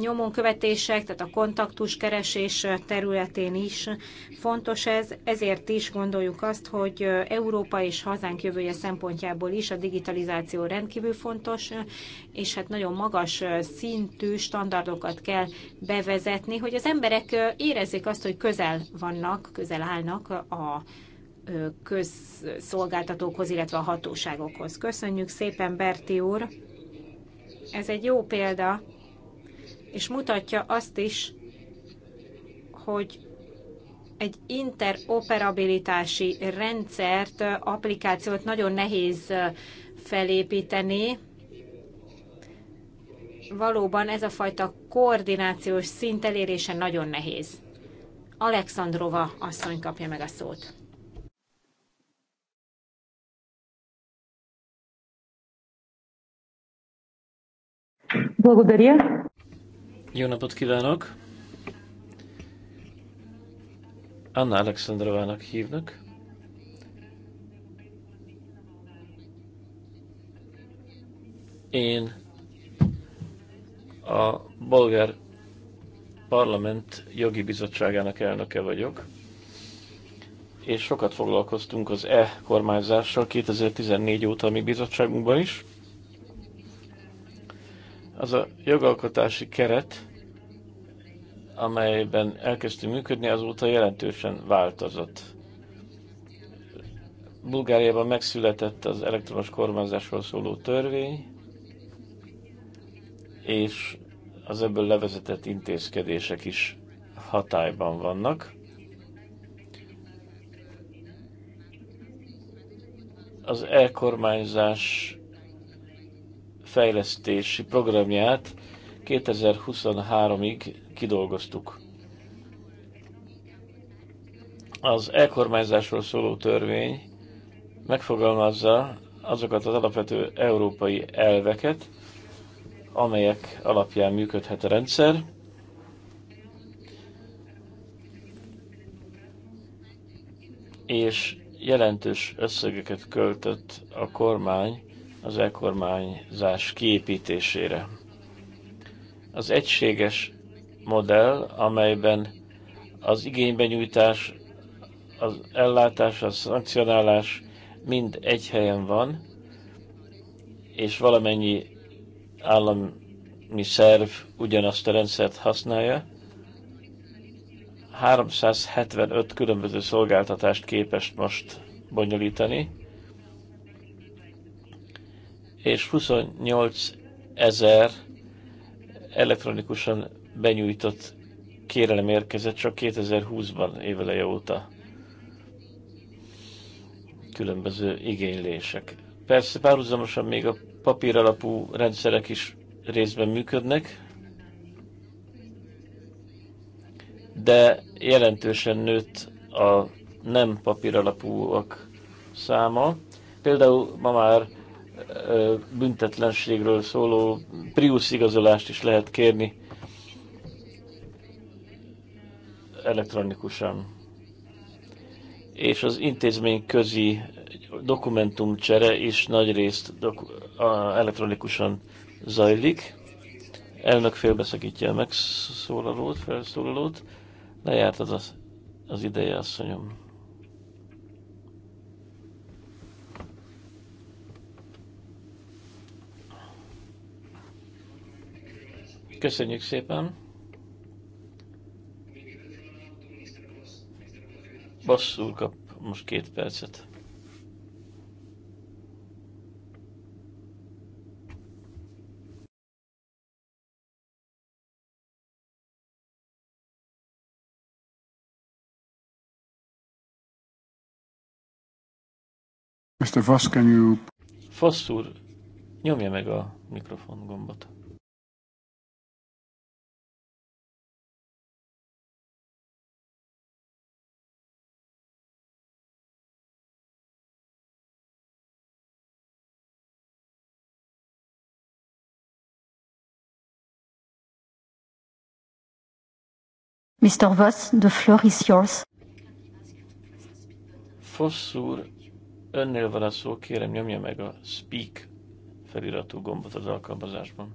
nyomon követések, tehát a kontaktus keresés területén is fontos ez. Ezért is gondoljuk azt, hogy Európa és hazánk jövője szempontjából is a digitalizáció rendkívül fontos, és hát nagyon magas szintű standardokat kell bevezetni, hogy az emberek érezzék azt, hogy közel vannak, közel állnak a közszolgáltatókhoz, illetve a hatóságokhoz. Köszönjük szépen, Berti úr! Ez egy jó példa és mutatja azt is, hogy egy interoperabilitási rendszert, applikációt nagyon nehéz felépíteni. Valóban ez a fajta koordinációs szint elérése nagyon nehéz. Alexandrova asszony kapja meg a szót. Благодаря. Jó napot kívánok! Anna Alexandrovának hívnak. Én a bolgár parlament jogi bizottságának elnöke vagyok, és sokat foglalkoztunk az e-kormányzással 2014 óta a mi bizottságunkban is az a jogalkotási keret, amelyben elkezdtünk működni, azóta jelentősen változott. Bulgáriában megszületett az elektromos kormányzásról szóló törvény, és az ebből levezetett intézkedések is hatályban vannak. Az e-kormányzás fejlesztési programját 2023-ig kidolgoztuk. Az elkormányzásról szóló törvény megfogalmazza azokat az alapvető európai elveket, amelyek alapján működhet a rendszer. És jelentős összegeket költött a kormány az elkormányzás kiépítésére. Az egységes modell, amelyben az igénybenyújtás, az ellátás, a szankcionálás mind egy helyen van, és valamennyi állami szerv ugyanazt a rendszert használja, 375 különböző szolgáltatást képes most bonyolítani, és 28 ezer elektronikusan benyújtott kérelem érkezett csak 2020-ban éveleje óta különböző igénylések. Persze párhuzamosan még a papír alapú rendszerek is részben működnek, de jelentősen nőtt a nem papír alapúak száma. Például ma már büntetlenségről szóló Prius igazolást is lehet kérni elektronikusan. És az intézmény közi dokumentumcsere is nagy részt doku- a, elektronikusan zajlik. Elnök félbeszakítja a megszólalót, felszólalót. Lejárt az, az ideje, asszonyom. Köszönjük szépen! Basszul kap most két percet. Mr. Voss, can you... Fosz úr, nyomja meg a mikrofon gombot. Mr. Voss, the floor is yours. Voss úr, önnél van a szó, kérem nyomja meg a speak feliratú gombot az alkalmazásban.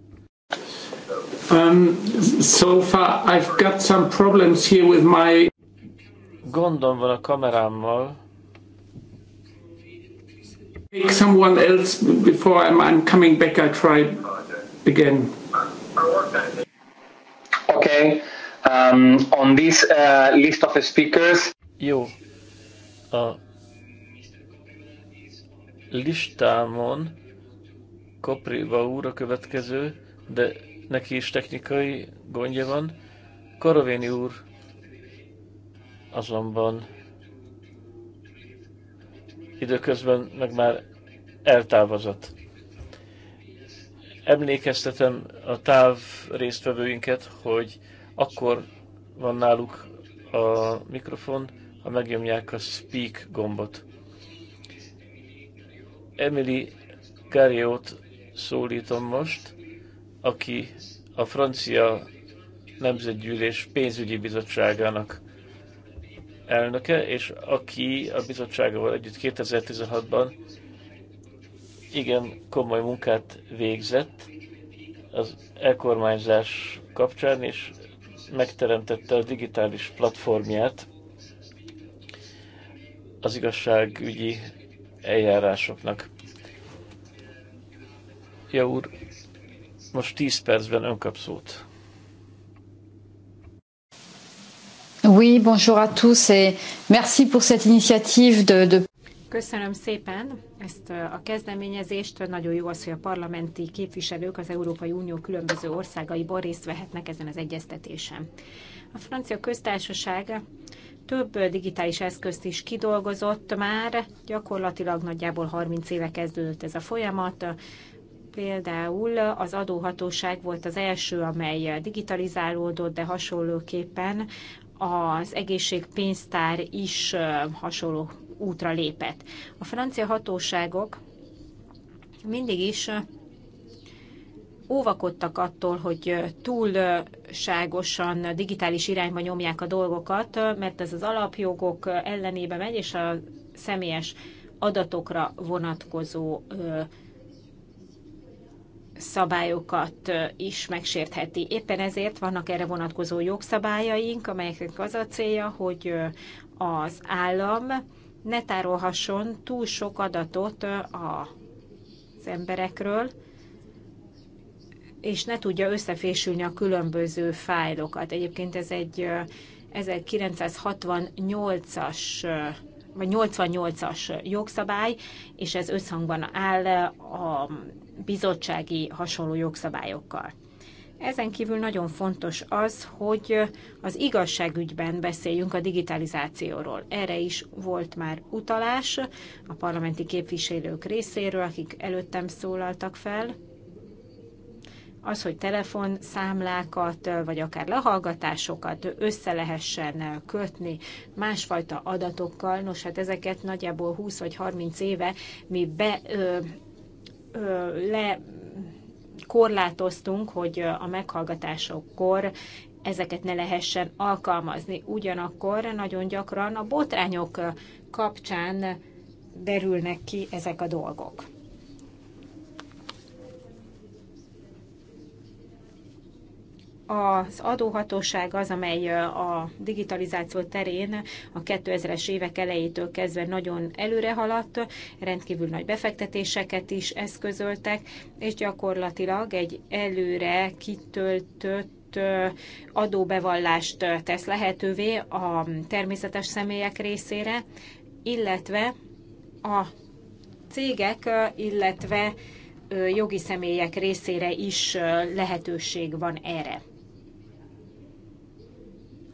Um, so far I've got some problems here with my... Gondom van a kamerámmal. Take someone else before I'm, I'm coming back. I try again. Okay um, on this uh, list of speakers. Jó. A listámon Kopriva úr a következő, de neki is technikai gondja van. Karovéni úr azonban időközben meg már eltávozott. Emlékeztetem a táv résztvevőinket, hogy akkor van náluk a mikrofon, ha megnyomják a speak gombot. Emily Carriot szólítom most, aki a francia nemzetgyűlés pénzügyi bizottságának elnöke, és aki a bizottságával együtt 2016-ban igen komoly munkát végzett az elkormányzás kapcsán, és megteremtette a digitális platformját az igazságügyi eljárásoknak. Ja úr, most 10 percben önkap szót. Oui, bonjour à tous et merci pour cette initiative de, de... Köszönöm szépen ezt a kezdeményezést. Nagyon jó az, hogy a parlamenti képviselők az Európai Unió különböző országaiból részt vehetnek ezen az egyeztetésen. A francia köztársaság több digitális eszközt is kidolgozott már, gyakorlatilag nagyjából 30 éve kezdődött ez a folyamat. Például az adóhatóság volt az első, amely digitalizálódott, de hasonlóképpen az egészségpénztár is hasonló útra lépett. A francia hatóságok mindig is óvakodtak attól, hogy túlságosan digitális irányba nyomják a dolgokat, mert ez az alapjogok ellenébe megy, és a személyes adatokra vonatkozó szabályokat is megsértheti. Éppen ezért vannak erre vonatkozó jogszabályaink, amelyeknek az a célja, hogy az állam ne tárolhasson túl sok adatot az emberekről, és ne tudja összefésülni a különböző fájlokat. Egyébként ez egy 1968-as vagy 88-as jogszabály, és ez összhangban áll a bizottsági hasonló jogszabályokkal. Ezen kívül nagyon fontos az, hogy az igazságügyben beszéljünk a digitalizációról. Erre is volt már utalás a parlamenti képviselők részéről, akik előttem szólaltak fel. Az, hogy telefonszámlákat, vagy akár lehallgatásokat össze lehessen kötni másfajta adatokkal, nos hát ezeket nagyjából 20 vagy 30 éve mi be, ö, ö, le korlátoztunk, hogy a meghallgatásokkor ezeket ne lehessen alkalmazni. Ugyanakkor nagyon gyakran a botrányok kapcsán derülnek ki ezek a dolgok. az adóhatóság az, amely a digitalizáció terén a 2000-es évek elejétől kezdve nagyon előre haladt, rendkívül nagy befektetéseket is eszközöltek, és gyakorlatilag egy előre kitöltött adóbevallást tesz lehetővé a természetes személyek részére, illetve a cégek, illetve jogi személyek részére is lehetőség van erre.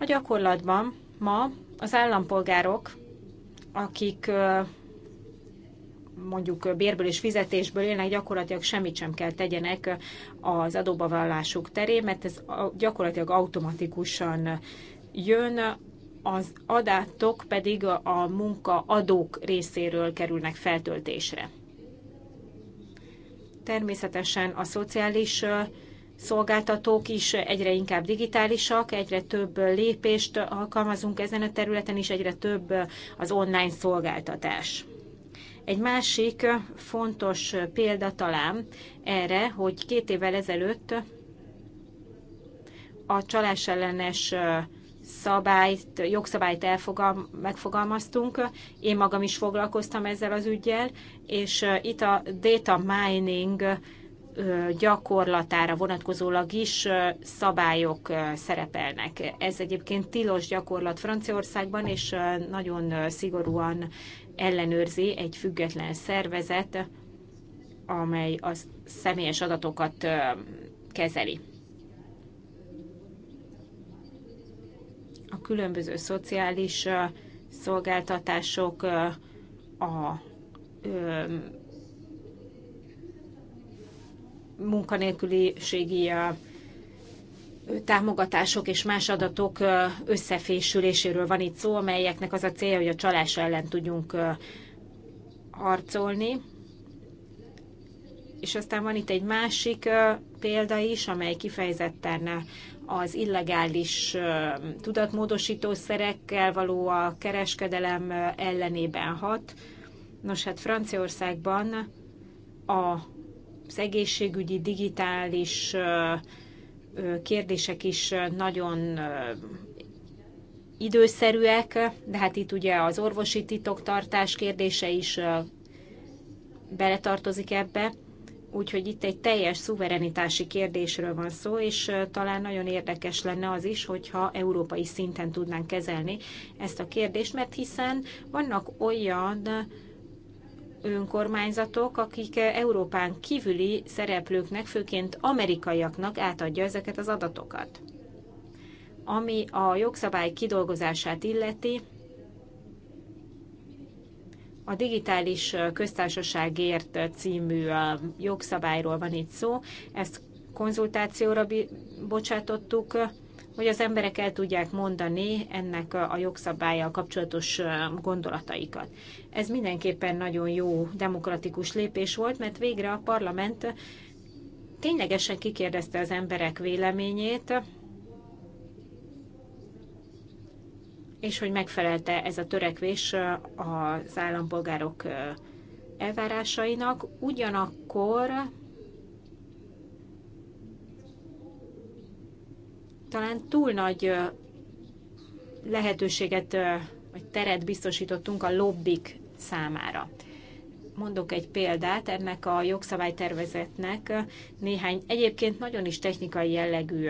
A gyakorlatban ma az állampolgárok, akik mondjuk bérből és fizetésből élnek, gyakorlatilag semmit sem kell tegyenek az adóbavallásuk terén, mert ez gyakorlatilag automatikusan jön, az adátok pedig a munkaadók részéről kerülnek feltöltésre. Természetesen a szociális szolgáltatók is egyre inkább digitálisak, egyre több lépést alkalmazunk ezen a területen, és egyre több az online szolgáltatás. Egy másik fontos példa talán erre, hogy két évvel ezelőtt a csalás ellenes szabályt, jogszabályt elfogal, megfogalmaztunk. Én magam is foglalkoztam ezzel az ügyel, és uh, itt a data mining gyakorlatára vonatkozólag is szabályok szerepelnek. Ez egyébként tilos gyakorlat Franciaországban, és nagyon szigorúan ellenőrzi egy független szervezet, amely a személyes adatokat kezeli. A különböző szociális szolgáltatások, a munkanélküliségi támogatások és más adatok összefésüléséről van itt szó, amelyeknek az a célja, hogy a csalás ellen tudjunk harcolni. És aztán van itt egy másik példa is, amely kifejezetten az illegális tudatmódosítószerekkel való a kereskedelem ellenében hat. Nos, hát Franciaországban a az egészségügyi, digitális kérdések is nagyon időszerűek, de hát itt ugye az orvosi titoktartás kérdése is beletartozik ebbe, úgyhogy itt egy teljes szuverenitási kérdésről van szó, és talán nagyon érdekes lenne az is, hogyha európai szinten tudnánk kezelni ezt a kérdést, mert hiszen vannak olyan önkormányzatok, akik Európán kívüli szereplőknek, főként amerikaiaknak átadja ezeket az adatokat. Ami a jogszabály kidolgozását illeti, a digitális köztársaságért című jogszabályról van itt szó. Ezt konzultációra bocsátottuk hogy az emberek el tudják mondani ennek a jogszabályjal kapcsolatos gondolataikat. Ez mindenképpen nagyon jó demokratikus lépés volt, mert végre a parlament ténylegesen kikérdezte az emberek véleményét, és hogy megfelelte ez a törekvés az állampolgárok elvárásainak, ugyanakkor talán túl nagy lehetőséget vagy teret biztosítottunk a lobbik számára. Mondok egy példát ennek a jogszabálytervezetnek néhány egyébként nagyon is technikai jellegű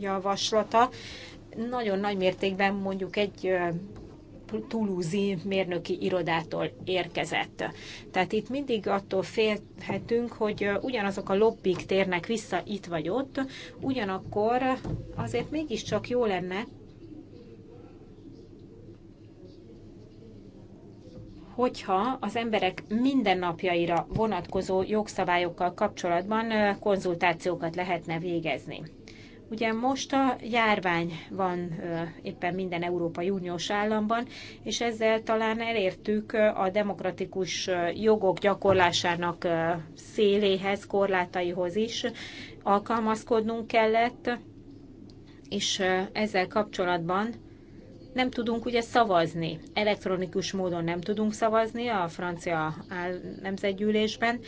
javaslata. Nagyon nagy mértékben mondjuk egy Toulouse-i mérnöki irodától érkezett. Tehát itt mindig attól félhetünk, hogy ugyanazok a lobbik térnek vissza itt vagy ott, ugyanakkor azért mégiscsak jó lenne, hogyha az emberek mindennapjaira vonatkozó jogszabályokkal kapcsolatban konzultációkat lehetne végezni. Ugye most a járvány van éppen minden Európai Uniós államban, és ezzel talán elértük a demokratikus jogok gyakorlásának széléhez, korlátaihoz is. Alkalmazkodnunk kellett, és ezzel kapcsolatban nem tudunk ugye szavazni. Elektronikus módon nem tudunk szavazni a francia nemzetgyűlésben,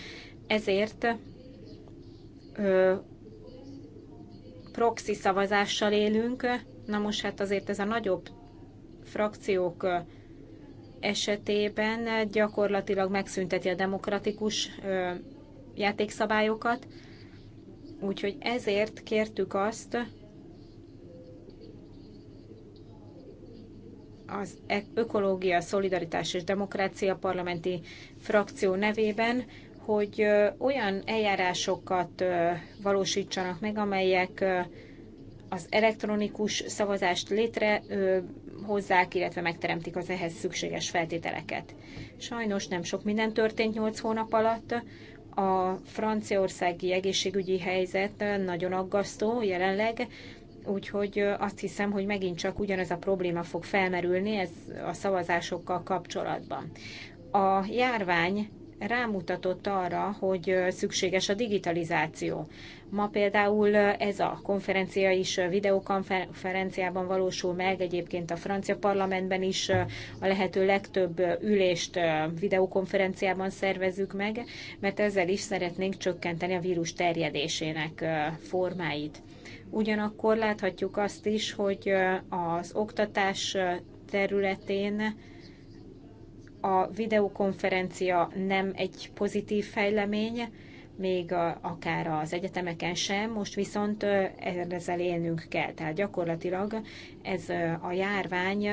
ezért proxy szavazással élünk, na most hát azért ez a nagyobb frakciók esetében gyakorlatilag megszünteti a demokratikus játékszabályokat, úgyhogy ezért kértük azt, az e- Ökológia, Szolidaritás és Demokrácia parlamenti frakció nevében, hogy olyan eljárásokat valósítsanak meg, amelyek az elektronikus szavazást létrehozzák, illetve megteremtik az ehhez szükséges feltételeket. Sajnos nem sok minden történt 8 hónap alatt. A franciaországi egészségügyi helyzet nagyon aggasztó jelenleg, úgyhogy azt hiszem, hogy megint csak ugyanez a probléma fog felmerülni ez a szavazásokkal kapcsolatban. A járvány rámutatott arra, hogy szükséges a digitalizáció. Ma például ez a konferencia is videokonferenciában valósul meg, egyébként a francia parlamentben is a lehető legtöbb ülést videokonferenciában szervezzük meg, mert ezzel is szeretnénk csökkenteni a vírus terjedésének formáit. Ugyanakkor láthatjuk azt is, hogy az oktatás területén a videokonferencia nem egy pozitív fejlemény, még a, akár az egyetemeken sem, most viszont ezzel élnünk kell. Tehát gyakorlatilag ez a járvány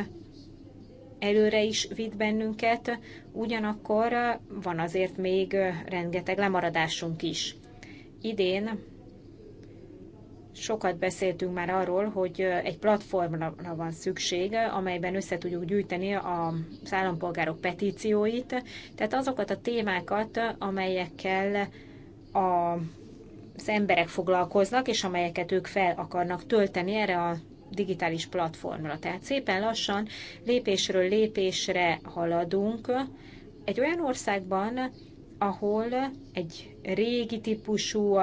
előre is vitt bennünket, ugyanakkor van azért még rengeteg lemaradásunk is. Idén sokat beszéltünk már arról, hogy egy platformra van szükség, amelyben össze tudjuk gyűjteni a állampolgárok petícióit, tehát azokat a témákat, amelyekkel a az emberek foglalkoznak, és amelyeket ők fel akarnak tölteni erre a digitális platformra. Tehát szépen lassan, lépésről lépésre haladunk. Egy olyan országban, ahol egy régi típusú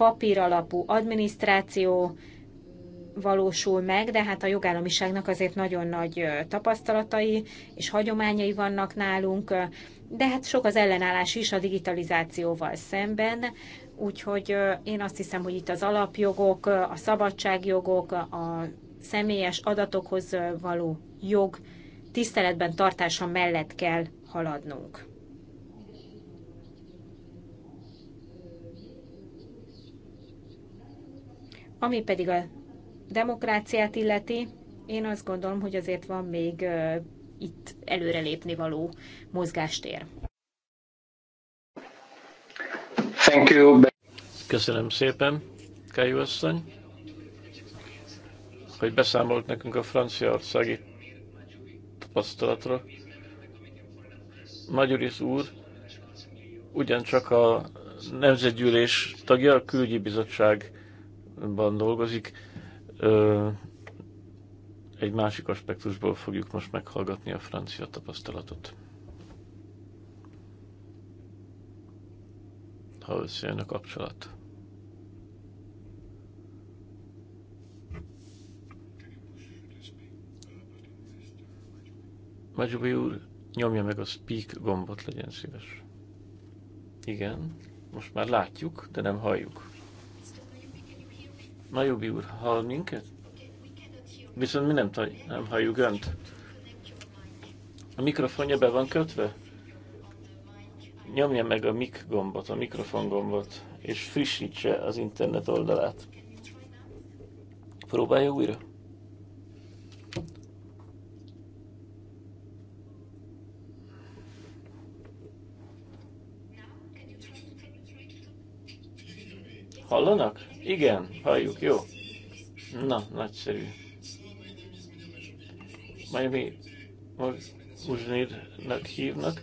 papíralapú adminisztráció valósul meg, de hát a jogállamiságnak azért nagyon nagy tapasztalatai és hagyományai vannak nálunk, de hát sok az ellenállás is a digitalizációval szemben, úgyhogy én azt hiszem, hogy itt az alapjogok, a szabadságjogok, a személyes adatokhoz való jog tiszteletben tartása mellett kell haladnunk. Ami pedig a demokráciát illeti, én azt gondolom, hogy azért van még itt előrelépni való mozgástér. Thank you. Köszönöm szépen, Kajú asszony, hogy beszámolt nekünk a franciaországi tapasztalatra. Magyaris úr ugyancsak a Nemzetgyűlés tagja, a külügyi bizottság ban dolgozik. Egy másik aspektusból fogjuk most meghallgatni a francia tapasztalatot. Ha összejön a kapcsolat. Majubi úr, nyomja meg a speak gombot, legyen szíves. Igen, most már látjuk, de nem halljuk. Na Jogi úr, hall minket? Viszont mi nem, nem halljuk önt. A mikrofonja be van kötve? Nyomja meg a mik gombot, a mikrofon gombot, és frissítse az internet oldalát. Próbálja újra. Hallanak? Igen, halljuk, jó. Na, nagyszerű. Miami Uzsnirnak hívnak,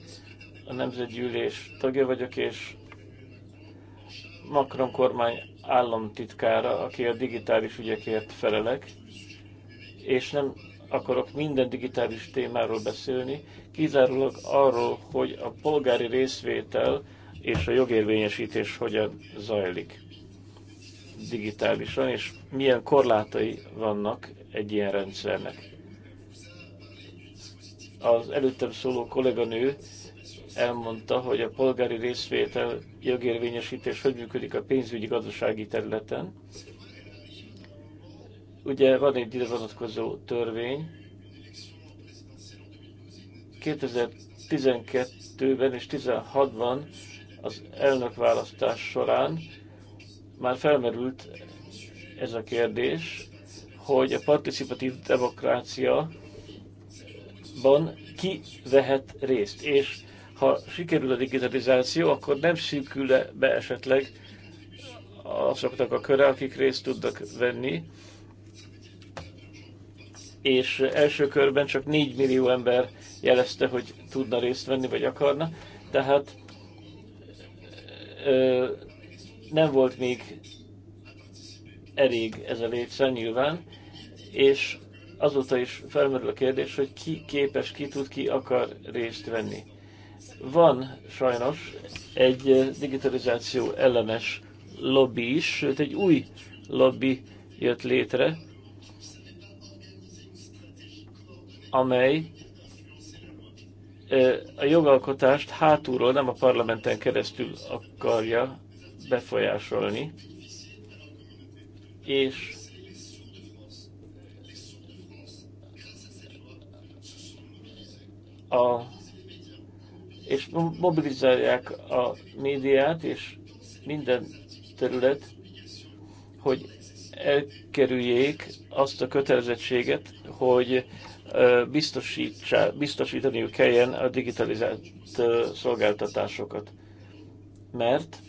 a Nemzetgyűlés tagja vagyok, és Macron kormány államtitkára, aki a digitális ügyekért felelek, és nem akarok minden digitális témáról beszélni, kizárólag arról, hogy a polgári részvétel és a jogérvényesítés hogyan zajlik digitálisan, és milyen korlátai vannak egy ilyen rendszernek. Az előttem szóló kolléganő elmondta, hogy a polgári részvétel jogérvényesítés hogy működik a pénzügyi gazdasági területen. Ugye van egy ide vonatkozó törvény. 2012-ben és 2016-ban az elnökválasztás során már felmerült ez a kérdés, hogy a participatív demokráciában ki vehet részt, és ha sikerül a digitalizáció, akkor nem szűkül -e be esetleg azoknak a köre, akik részt tudnak venni, és első körben csak 4 millió ember jelezte, hogy tudna részt venni, vagy akarna, tehát nem volt még elég ez a létszám nyilván, és azóta is felmerül a kérdés, hogy ki képes, ki tud, ki akar részt venni. Van sajnos egy digitalizáció ellenes lobby is, sőt egy új lobby jött létre, amely a jogalkotást hátulról, nem a parlamenten keresztül akarja befolyásolni, és a, és mobilizálják a médiát, és minden terület, hogy elkerüljék azt a kötelezettséget, hogy biztosítaniuk kelljen a digitalizált szolgáltatásokat. Mert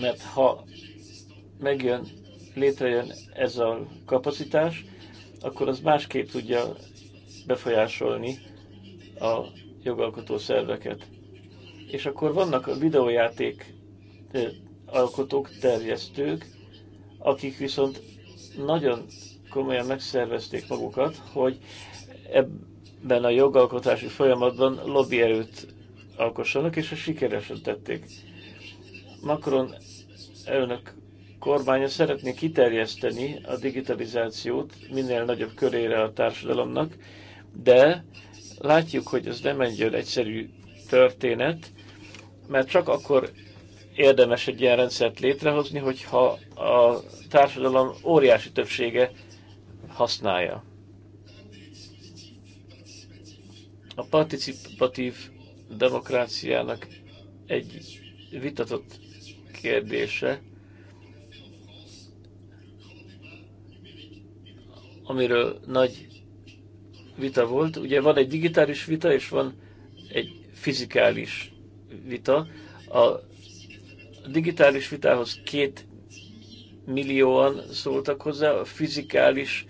mert ha megjön, létrejön ez a kapacitás, akkor az másképp tudja befolyásolni a jogalkotó szerveket. És akkor vannak a videójáték alkotók, terjesztők, akik viszont nagyon komolyan megszervezték magukat, hogy ebben a jogalkotási folyamatban lobbyerőt alkossanak, és ezt sikeresen tették. Macron elnök kormánya szeretné kiterjeszteni a digitalizációt minél nagyobb körére a társadalomnak, de látjuk, hogy ez nem egy egyszerű történet, mert csak akkor érdemes egy ilyen rendszert létrehozni, hogyha a társadalom óriási többsége használja. A participatív demokráciának egy vitatott kérdése, amiről nagy vita volt. Ugye van egy digitális vita, és van egy fizikális vita. A digitális vitához két millióan szóltak hozzá, a fizikális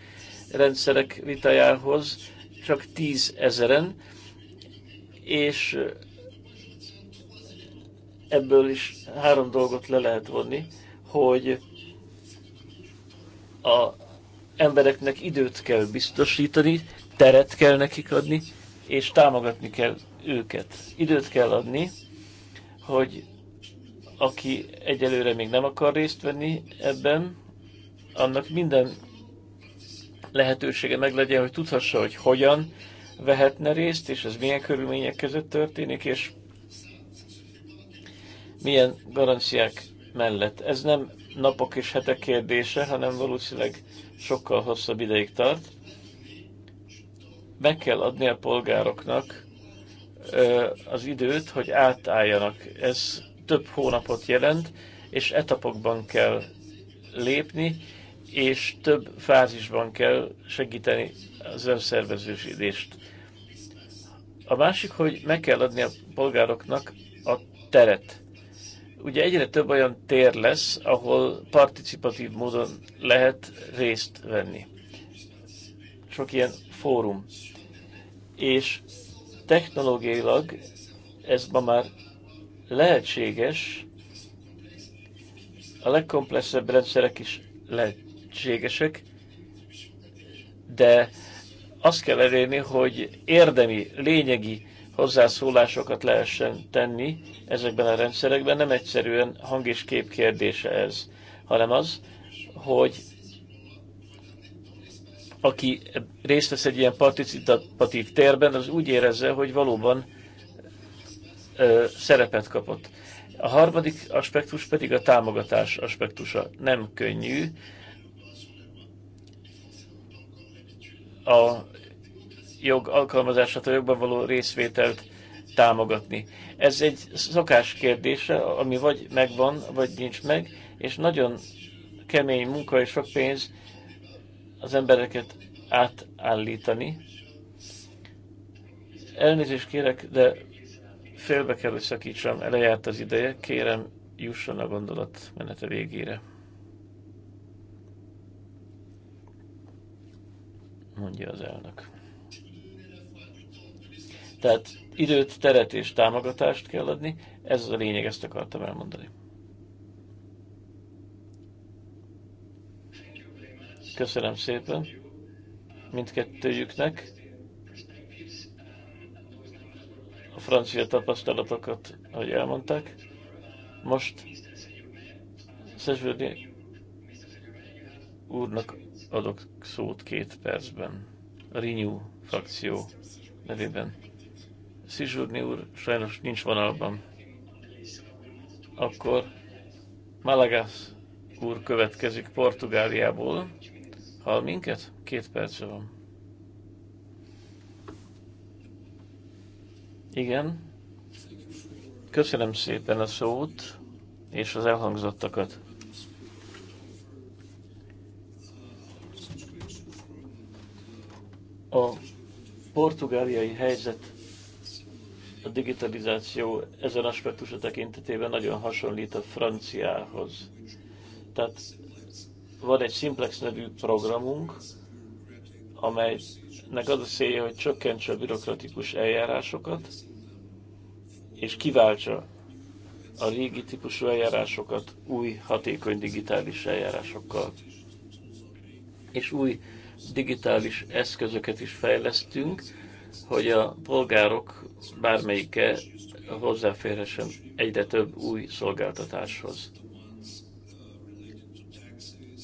rendszerek vitájához csak tíz ezeren és ebből is három dolgot le lehet vonni, hogy a embereknek időt kell biztosítani, teret kell nekik adni, és támogatni kell őket. Időt kell adni, hogy aki egyelőre még nem akar részt venni ebben, annak minden lehetősége meg legyen, hogy tudhassa, hogy hogyan vehetne részt, és ez milyen körülmények között történik, és milyen garanciák mellett. Ez nem napok és hetek kérdése, hanem valószínűleg sokkal hosszabb ideig tart. Meg kell adni a polgároknak az időt, hogy átálljanak. Ez több hónapot jelent, és etapokban kell lépni, és több fázisban kell segíteni az önszerveződést. A másik, hogy meg kell adni a polgároknak a teret ugye egyre több olyan tér lesz, ahol participatív módon lehet részt venni. Sok ilyen fórum. És technológiailag ez ma már lehetséges, a legkomplexebb rendszerek is lehetségesek, de azt kell elérni, hogy érdemi, lényegi hozzászólásokat lehessen tenni, ezekben a rendszerekben nem egyszerűen hang és kép kérdése ez, hanem az, hogy aki részt vesz egy ilyen participatív térben, az úgy érezze, hogy valóban ö, szerepet kapott. A harmadik aspektus pedig a támogatás aspektusa. Nem könnyű. A jog alkalmazását, a jogban való részvételt támogatni. Ez egy szokás kérdése, ami vagy megvan, vagy nincs meg, és nagyon kemény munka és sok pénz az embereket átállítani. Elnézést kérek, de félbe kell, hogy szakítsam, elejárt az ideje, kérem, jusson a gondolat menete végére. Mondja az elnök. Tehát időt, teret és támogatást kell adni. Ez az a lényeg, ezt akartam elmondani. Köszönöm szépen mindkettőjüknek. A francia tapasztalatokat, ahogy elmondták. Most Szezsődi úrnak adok szót két percben. A Renew frakció nevében. Szizsúrni úr sajnos nincs vonalban. Akkor Malagász úr következik Portugáliából. Hall minket? Két perc van. Igen. Köszönöm szépen a szót és az elhangzottakat. A portugáliai helyzet a digitalizáció ezen aspektusa tekintetében nagyon hasonlít a franciához. Tehát van egy Simplex nevű programunk, amelynek az a célja, hogy csökkentse a bürokratikus eljárásokat, és kiváltsa a régi típusú eljárásokat új, hatékony digitális eljárásokkal. És új digitális eszközöket is fejlesztünk, hogy a polgárok bármelyike hozzáférhessen egyre több új szolgáltatáshoz.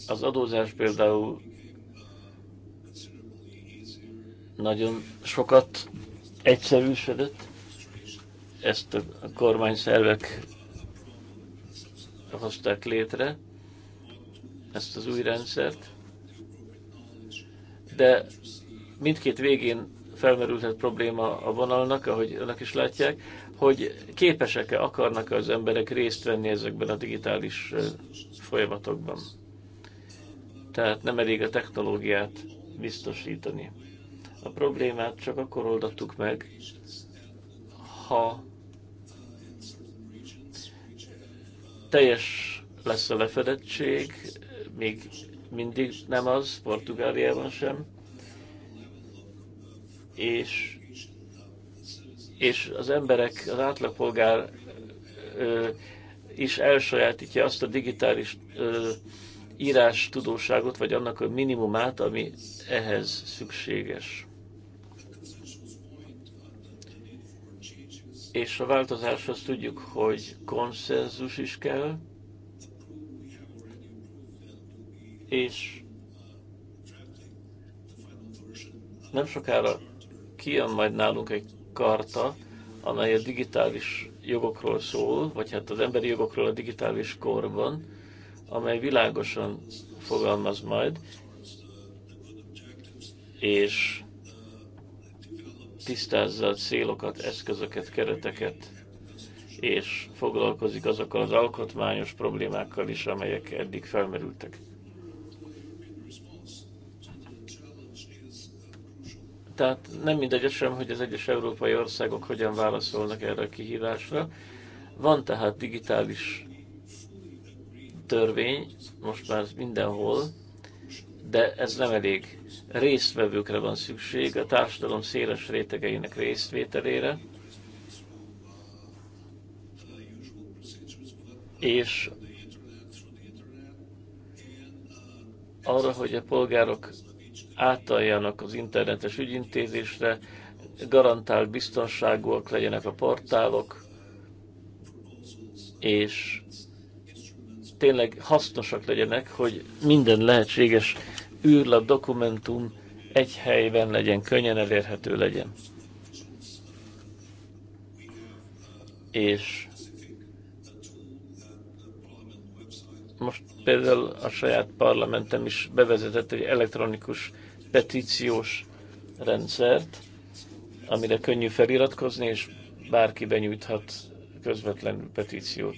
Az adózás például nagyon sokat egyszerűsödött, ezt a kormányszervek hozták létre, ezt az új rendszert, de mindkét végén felmerülhet probléma a vonalnak, ahogy önök is látják, hogy képesek-e, akarnak -e az emberek részt venni ezekben a digitális folyamatokban. Tehát nem elég a technológiát biztosítani. A problémát csak akkor oldattuk meg, ha teljes lesz a lefedettség, még mindig nem az, Portugáliában sem, és, és az emberek, az átlagpolgár ö, is elsajátítja azt a digitális ö, írás tudóságot, vagy annak a minimumát, ami ehhez szükséges. És a változáshoz tudjuk, hogy konszenzus is kell, és nem sokára kijön majd nálunk egy karta, amely a digitális jogokról szól, vagy hát az emberi jogokról a digitális korban, amely világosan fogalmaz majd, és tisztázza a célokat, eszközöket, kereteket, és foglalkozik azokkal az alkotmányos problémákkal is, amelyek eddig felmerültek. Tehát nem mindegy sem, hogy az egyes európai országok hogyan válaszolnak erre a kihívásra. Van tehát digitális törvény, most már mindenhol, de ez nem elég. Résztvevőkre van szükség, a társadalom széles rétegeinek részvételére, és arra, hogy a polgárok átaljanak az internetes ügyintézésre, garantált biztonságúak legyenek a portálok, és tényleg hasznosak legyenek, hogy minden lehetséges űrlap dokumentum egy helyben legyen, könnyen elérhető legyen. És most például a saját parlamentem is bevezetett egy elektronikus petíciós rendszert, amire könnyű feliratkozni, és bárki benyújthat közvetlen petíciót.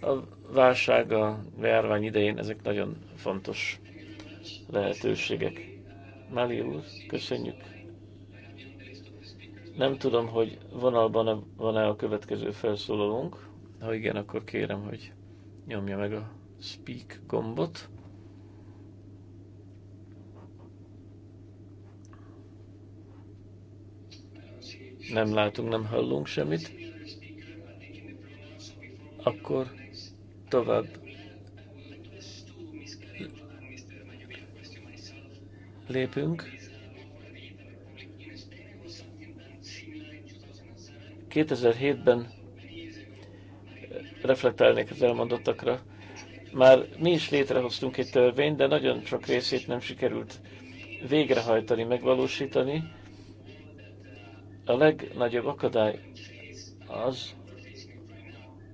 A válság, a járvány idején ezek nagyon fontos lehetőségek. Máli úr, köszönjük. Nem tudom, hogy vonalban van-e a következő felszólalónk. Ha igen, akkor kérem, hogy nyomja meg a speak gombot. nem látunk, nem hallunk semmit, akkor tovább lépünk. 2007-ben reflektálnék az elmondottakra. Már mi is létrehoztunk egy törvényt, de nagyon sok részét nem sikerült végrehajtani, megvalósítani a legnagyobb akadály az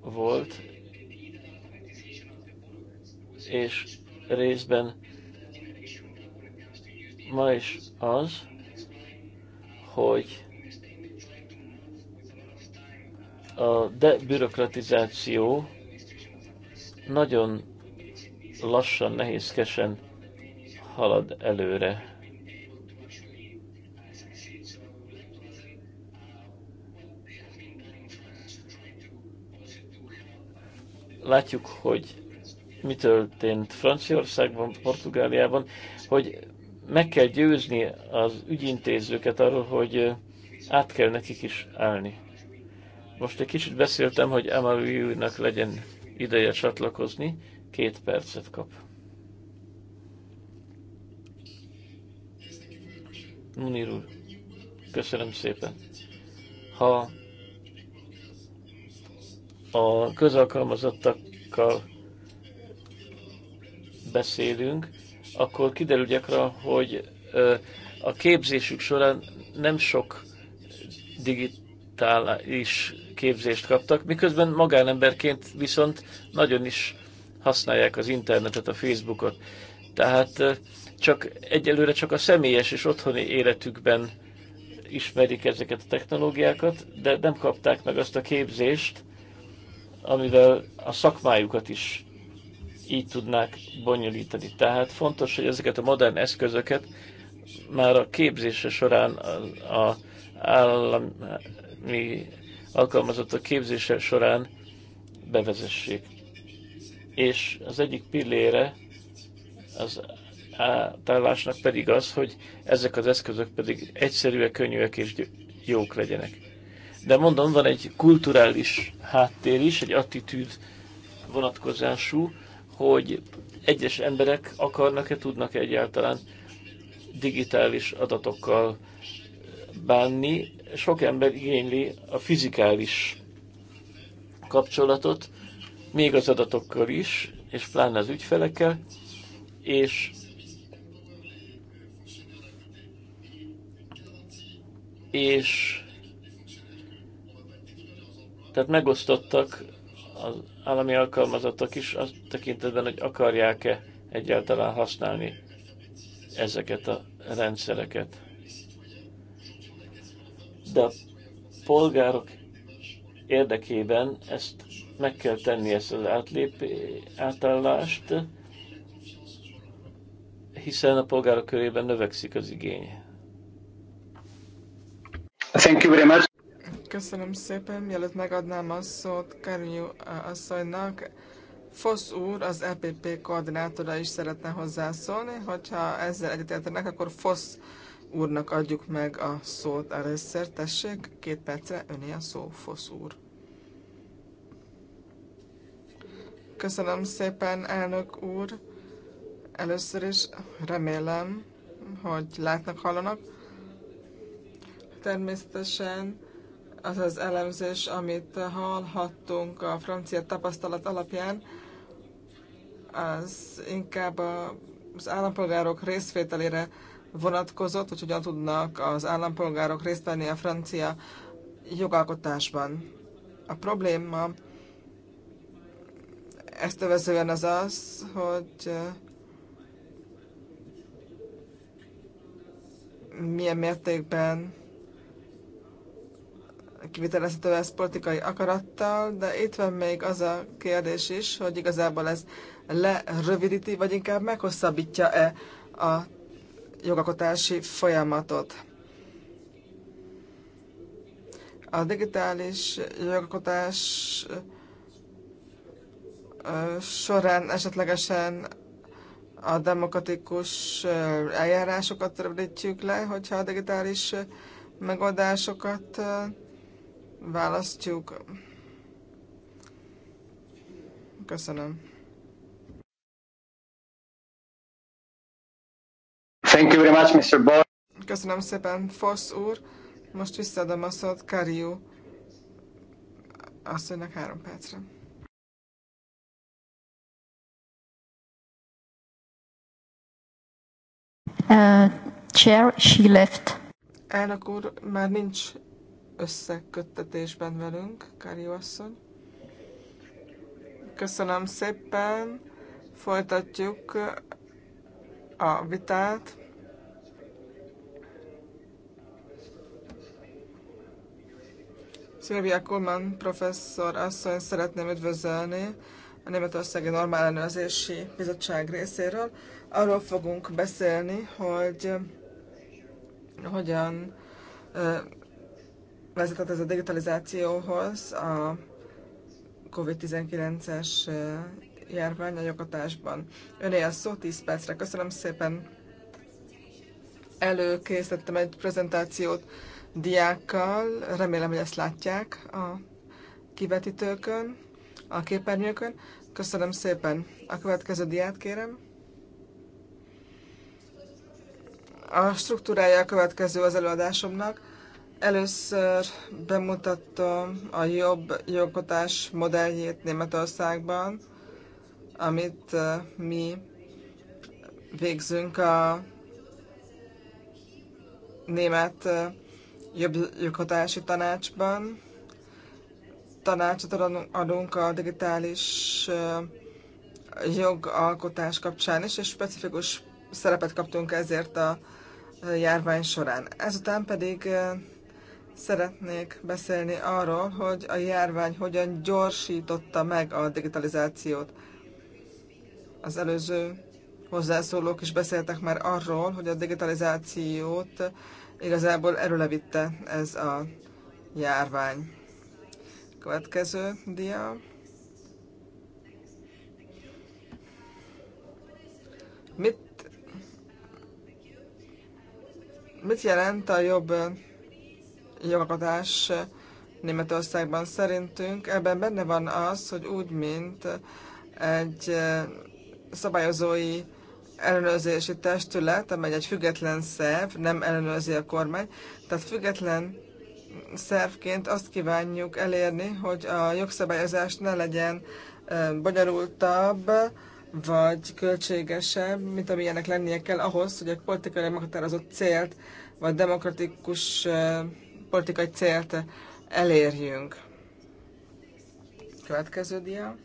volt, és részben ma is az, hogy a debürokratizáció nagyon lassan, nehézkesen halad előre. látjuk, hogy mi történt Franciaországban, Portugáliában, hogy meg kell győzni az ügyintézőket arról, hogy át kell nekik is állni. Most egy kicsit beszéltem, hogy Amaviu-nak legyen ideje csatlakozni, két percet kap. Munir úr, köszönöm szépen. Ha a közalkalmazottakkal beszélünk, akkor kiderül gyakran, hogy a képzésük során nem sok digitális képzést kaptak, miközben magánemberként viszont nagyon is használják az internetet, a Facebookot. Tehát csak egyelőre csak a személyes és otthoni életükben ismerik ezeket a technológiákat, de nem kapták meg azt a képzést, amivel a szakmájukat is így tudnák bonyolítani. Tehát fontos, hogy ezeket a modern eszközöket már a képzése során, a, a állami alkalmazottak képzése során bevezessék. És az egyik pillére az átállásnak pedig az, hogy ezek az eszközök pedig egyszerűek, könnyűek és jók legyenek. De mondom, van egy kulturális háttér is, egy attitűd vonatkozású, hogy egyes emberek akarnak-e, tudnak-e egyáltalán digitális adatokkal bánni. Sok ember igényli a fizikális kapcsolatot, még az adatokkal is, és pláne az ügyfelekkel, és és tehát megosztottak az állami alkalmazottak is azt tekintetben, hogy akarják-e egyáltalán használni ezeket a rendszereket. De a polgárok érdekében ezt meg kell tenni, ezt az átlép, átállást, hiszen a polgárok körében növekszik az igény. Thank you very much. Köszönöm szépen, mielőtt megadnám a szót Karinyu asszonynak. Fosz úr, az EPP koordinátora is szeretne hozzászólni, hogyha ezzel egyetértenek, akkor Fosz úrnak adjuk meg a szót először. Tessék, két percre öné a szó, Fosz úr. Köszönöm szépen, elnök úr. Először is remélem, hogy látnak, hallanak. Természetesen az az elemzés, amit hallhattunk a francia tapasztalat alapján, az inkább az állampolgárok részvételére vonatkozott, hogy hogyan tudnak az állampolgárok részt venni a francia jogalkotásban. A probléma ezt övezően az az, hogy milyen mértékben kivitelezhető ez politikai akarattal, de itt van még az a kérdés is, hogy igazából ez lerövidíti, vagy inkább meghosszabbítja-e a jogakotási folyamatot. A digitális jogakotás során esetlegesen a demokratikus eljárásokat rövidítjük le, hogyha a digitális megoldásokat választjuk. Köszönöm. Thank you very much, Mr. Bar. Köszönöm szépen, Fosz úr. Most visszaadom a szót Kariu asszonynak három percre. Uh, chair, she left. Elnök úr, már nincs összeköttetésben velünk, Kári asszony. Köszönöm szépen, folytatjuk a vitát. Szilvia Kulman professzor asszony szeretném üdvözölni a Németországi Normál Ellenőrzési Bizottság részéről. Arról fogunk beszélni, hogy hogyan vezetett ez a digitalizációhoz, a COVID-19-es járvány a jogatásban. Öné a szó 10 percre. Köszönöm szépen. Előkészítettem egy prezentációt diákkal, remélem, hogy ezt látják a kivetítőkön, a képernyőkön. Köszönöm szépen. A következő diát kérem. A struktúrája a következő az előadásomnak. Először bemutattam a jobb jogotás modelljét Németországban, amit mi végzünk a német jobb joghatási tanácsban. Tanácsot adunk a digitális jogalkotás kapcsán is, és specifikus szerepet kaptunk ezért a járvány során. Ezután pedig szeretnék beszélni arról, hogy a járvány hogyan gyorsította meg a digitalizációt. Az előző hozzászólók is beszéltek már arról, hogy a digitalizációt igazából erőlevitte ez a járvány. Következő dia. Mit, mit jelent a jobb jogalkotás Németországban szerintünk. Ebben benne van az, hogy úgy, mint egy eh, szabályozói ellenőrzési testület, amely egy független szerv, nem ellenőrzi a kormány. Tehát független szervként azt kívánjuk elérni, hogy a jogszabályozás ne legyen eh, bonyolultabb, vagy költségesebb, mint amilyenek lennie kell ahhoz, hogy egy politikai meghatározott célt, vagy demokratikus eh, politikai célt elérjünk. Következő dia.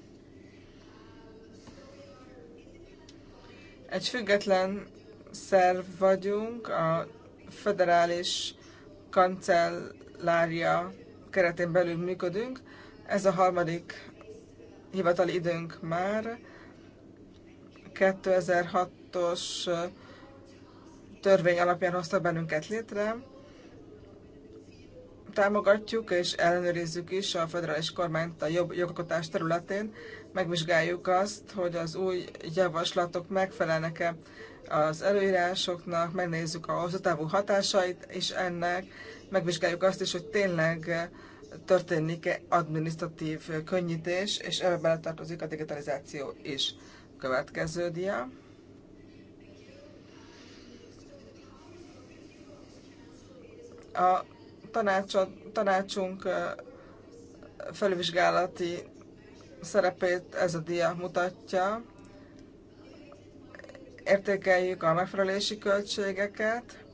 Egy független szerv vagyunk, a federális kancellária keretén belül működünk. Ez a harmadik hivatali időnk már. 2006-os törvény alapján hozta bennünket létre támogatjuk és ellenőrizzük is a federális kormányt a jobb jogalkotás területén. Megvizsgáljuk azt, hogy az új javaslatok megfelelnek-e az előírásoknak, megnézzük a hosszatávú hatásait és ennek, megvizsgáljuk azt is, hogy tényleg történik-e adminisztratív könnyítés, és ebbe beletartozik a digitalizáció is. Következő dia. A tanácsot, tanácsunk felvizsgálati szerepét ez a dia mutatja. Értékeljük a megfelelési költségeket,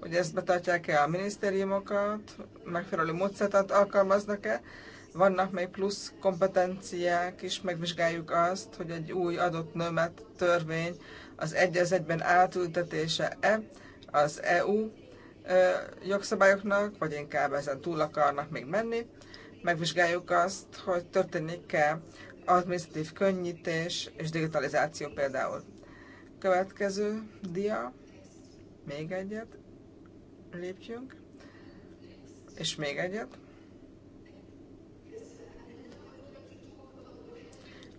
hogy ezt betartják-e a minisztériumokat, megfelelő módszert alkalmaznak-e, vannak még plusz kompetenciák is, megvizsgáljuk azt, hogy egy új adott nömet törvény az egy az egyben átültetése-e az EU jogszabályoknak, vagy inkább ezen túl akarnak még menni. Megvizsgáljuk azt, hogy történik-e administratív könnyítés és digitalizáció például. Következő dia, még egyet lépjünk, és még egyet.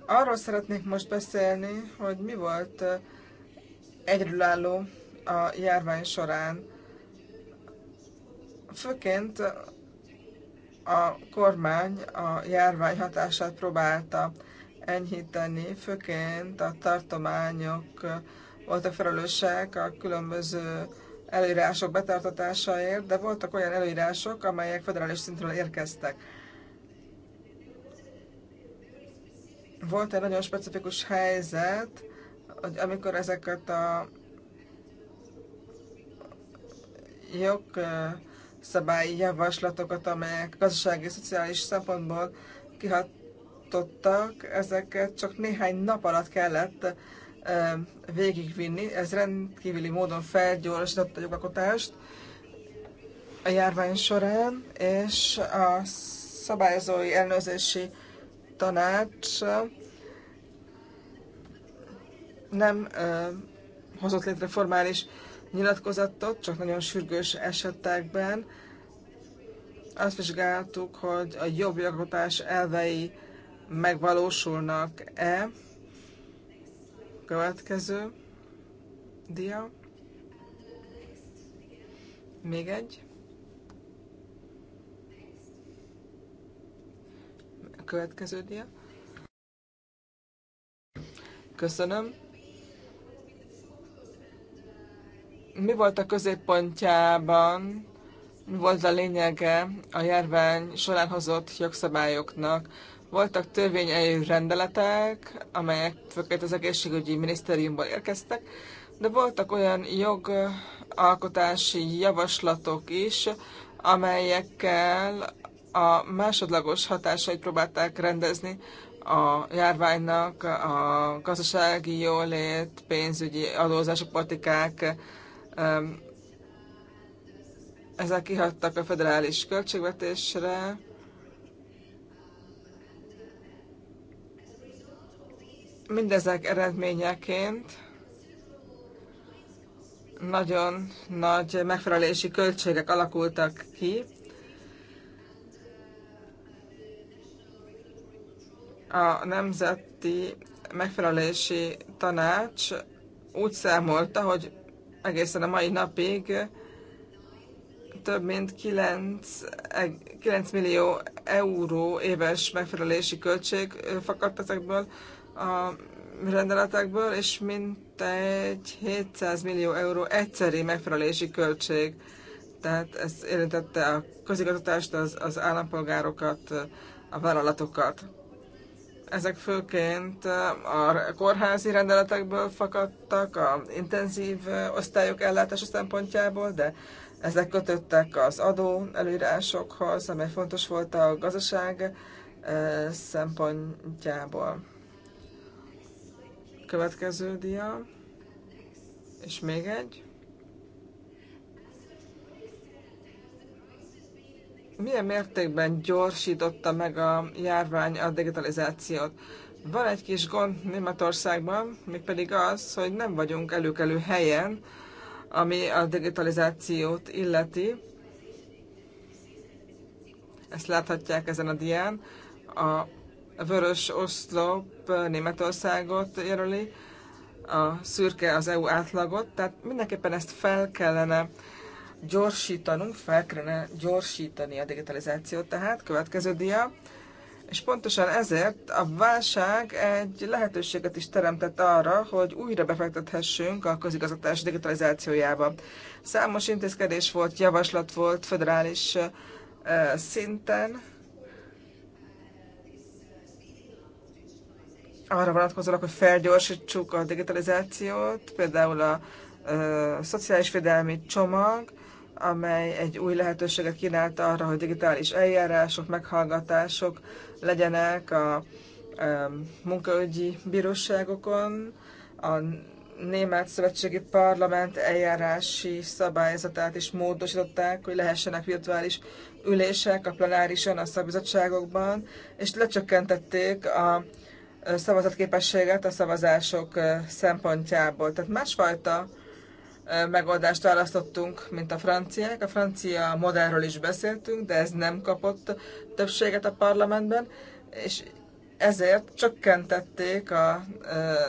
Arról szeretnék most beszélni, hogy mi volt egyedülálló a járvány során Főként a kormány a járvány hatását próbálta enyhíteni, főként a tartományok voltak felelősek a különböző előírások betartatásáért, de voltak olyan előírások, amelyek federális szintről érkeztek. Volt egy nagyon specifikus helyzet, hogy amikor ezeket a jog javaslatokat, amelyek gazdasági és szociális szempontból kihatottak, ezeket csak néhány nap alatt kellett végigvinni. Ez rendkívüli módon felgyorsította a jogalkotást a járvány során, és a szabályozói ellenőrzési tanács nem ö, hozott létre formális nyilatkozatot, csak nagyon sürgős esetekben. Azt vizsgáltuk, hogy a jobb jogotás elvei megvalósulnak-e. Következő dia. Még egy. következő dia. Köszönöm. mi volt a középpontjában, mi volt a lényege a járvány során hozott jogszabályoknak? Voltak törvényei rendeletek, amelyek főként az egészségügyi minisztériumból érkeztek, de voltak olyan jogalkotási javaslatok is, amelyekkel a másodlagos hatásait próbálták rendezni a járványnak, a gazdasági jólét, pénzügyi adózások, politikák ezek kihattak a federális költségvetésre, mindezek eredményeként nagyon nagy megfelelési költségek alakultak ki. A Nemzeti Megfelelési Tanács úgy számolta, hogy egészen a mai napig több mint 9, 9 millió euró éves megfelelési költség fakadt ezekből a rendeletekből, és mintegy 700 millió euró egyszeri megfelelési költség. Tehát ez érintette a közigazgatást, az, az állampolgárokat, a vállalatokat ezek főként a kórházi rendeletekből fakadtak, a intenzív osztályok ellátása szempontjából, de ezek kötöttek az adó előírásokhoz, amely fontos volt a gazdaság szempontjából. Következő dia, és még egy. milyen mértékben gyorsította meg a járvány a digitalizációt? Van egy kis gond Németországban, pedig az, hogy nem vagyunk előkelő helyen, ami a digitalizációt illeti. Ezt láthatják ezen a dián. A vörös oszlop Németországot jelöli, a szürke az EU átlagot, tehát mindenképpen ezt fel kellene uh, gyorsítanunk, fel kellene gyorsítani a digitalizációt, tehát következő dia. És pontosan ezért a válság egy lehetőséget is teremtett arra, hogy újra befektethessünk a közigazgatás digitalizációjába. Számos intézkedés volt, javaslat volt federális szinten, arra vonatkozólag, hogy felgyorsítsuk a digitalizációt, például a szociális védelmi csomag, amely egy új lehetőséget kínált arra, hogy digitális eljárások, meghallgatások legyenek a munkaügyi bíróságokon, a Német Szövetségi Parlament eljárási szabályzatát is módosították, hogy lehessenek virtuális ülések a plenárison, a szakbizottságokban, és lecsökkentették a szavazatképességet a szavazások szempontjából. Tehát másfajta megoldást választottunk, mint a franciák. A francia modellről is beszéltünk, de ez nem kapott többséget a parlamentben, és ezért csökkentették a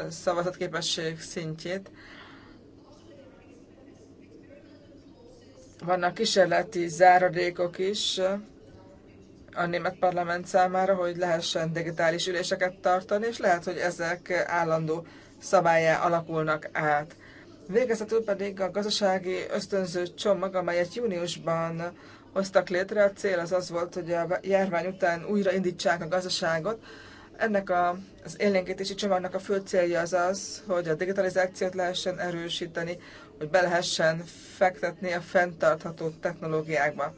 szavazatképesség szintjét. Vannak kísérleti záradékok is a német parlament számára, hogy lehessen digitális üléseket tartani, és lehet, hogy ezek állandó szabályá alakulnak át. Végezetül pedig a gazdasági ösztönző csomag, amelyet júniusban hoztak létre, a cél az az volt, hogy a járvány után újraindítsák a gazdaságot. Ennek a, az élénkítési csomagnak a fő célja az az, hogy a digitalizációt lehessen erősíteni, hogy be lehessen fektetni a fenntartható technológiákba.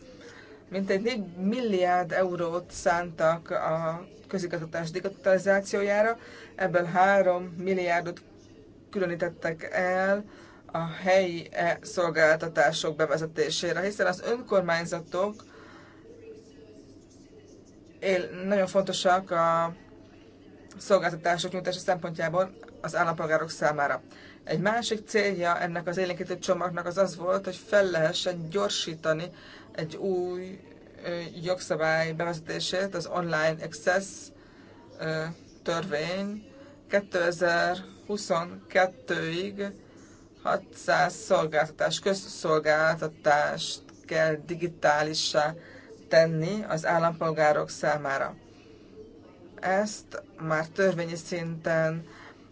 Mintegy 4 milliárd eurót szántak a közigazgatás digitalizációjára, ebből 3 milliárdot különítettek el a helyi e szolgáltatások bevezetésére, hiszen az önkormányzatok él, nagyon fontosak a szolgáltatások nyújtása szempontjából az állampolgárok számára. Egy másik célja ennek az élénkítő csomagnak az az volt, hogy fel lehessen gyorsítani egy új jogszabály bevezetését, az Online Access törvény 2022-ig 600 szolgáltatás, közszolgáltatást kell digitálissá tenni az állampolgárok számára. Ezt már törvényi szinten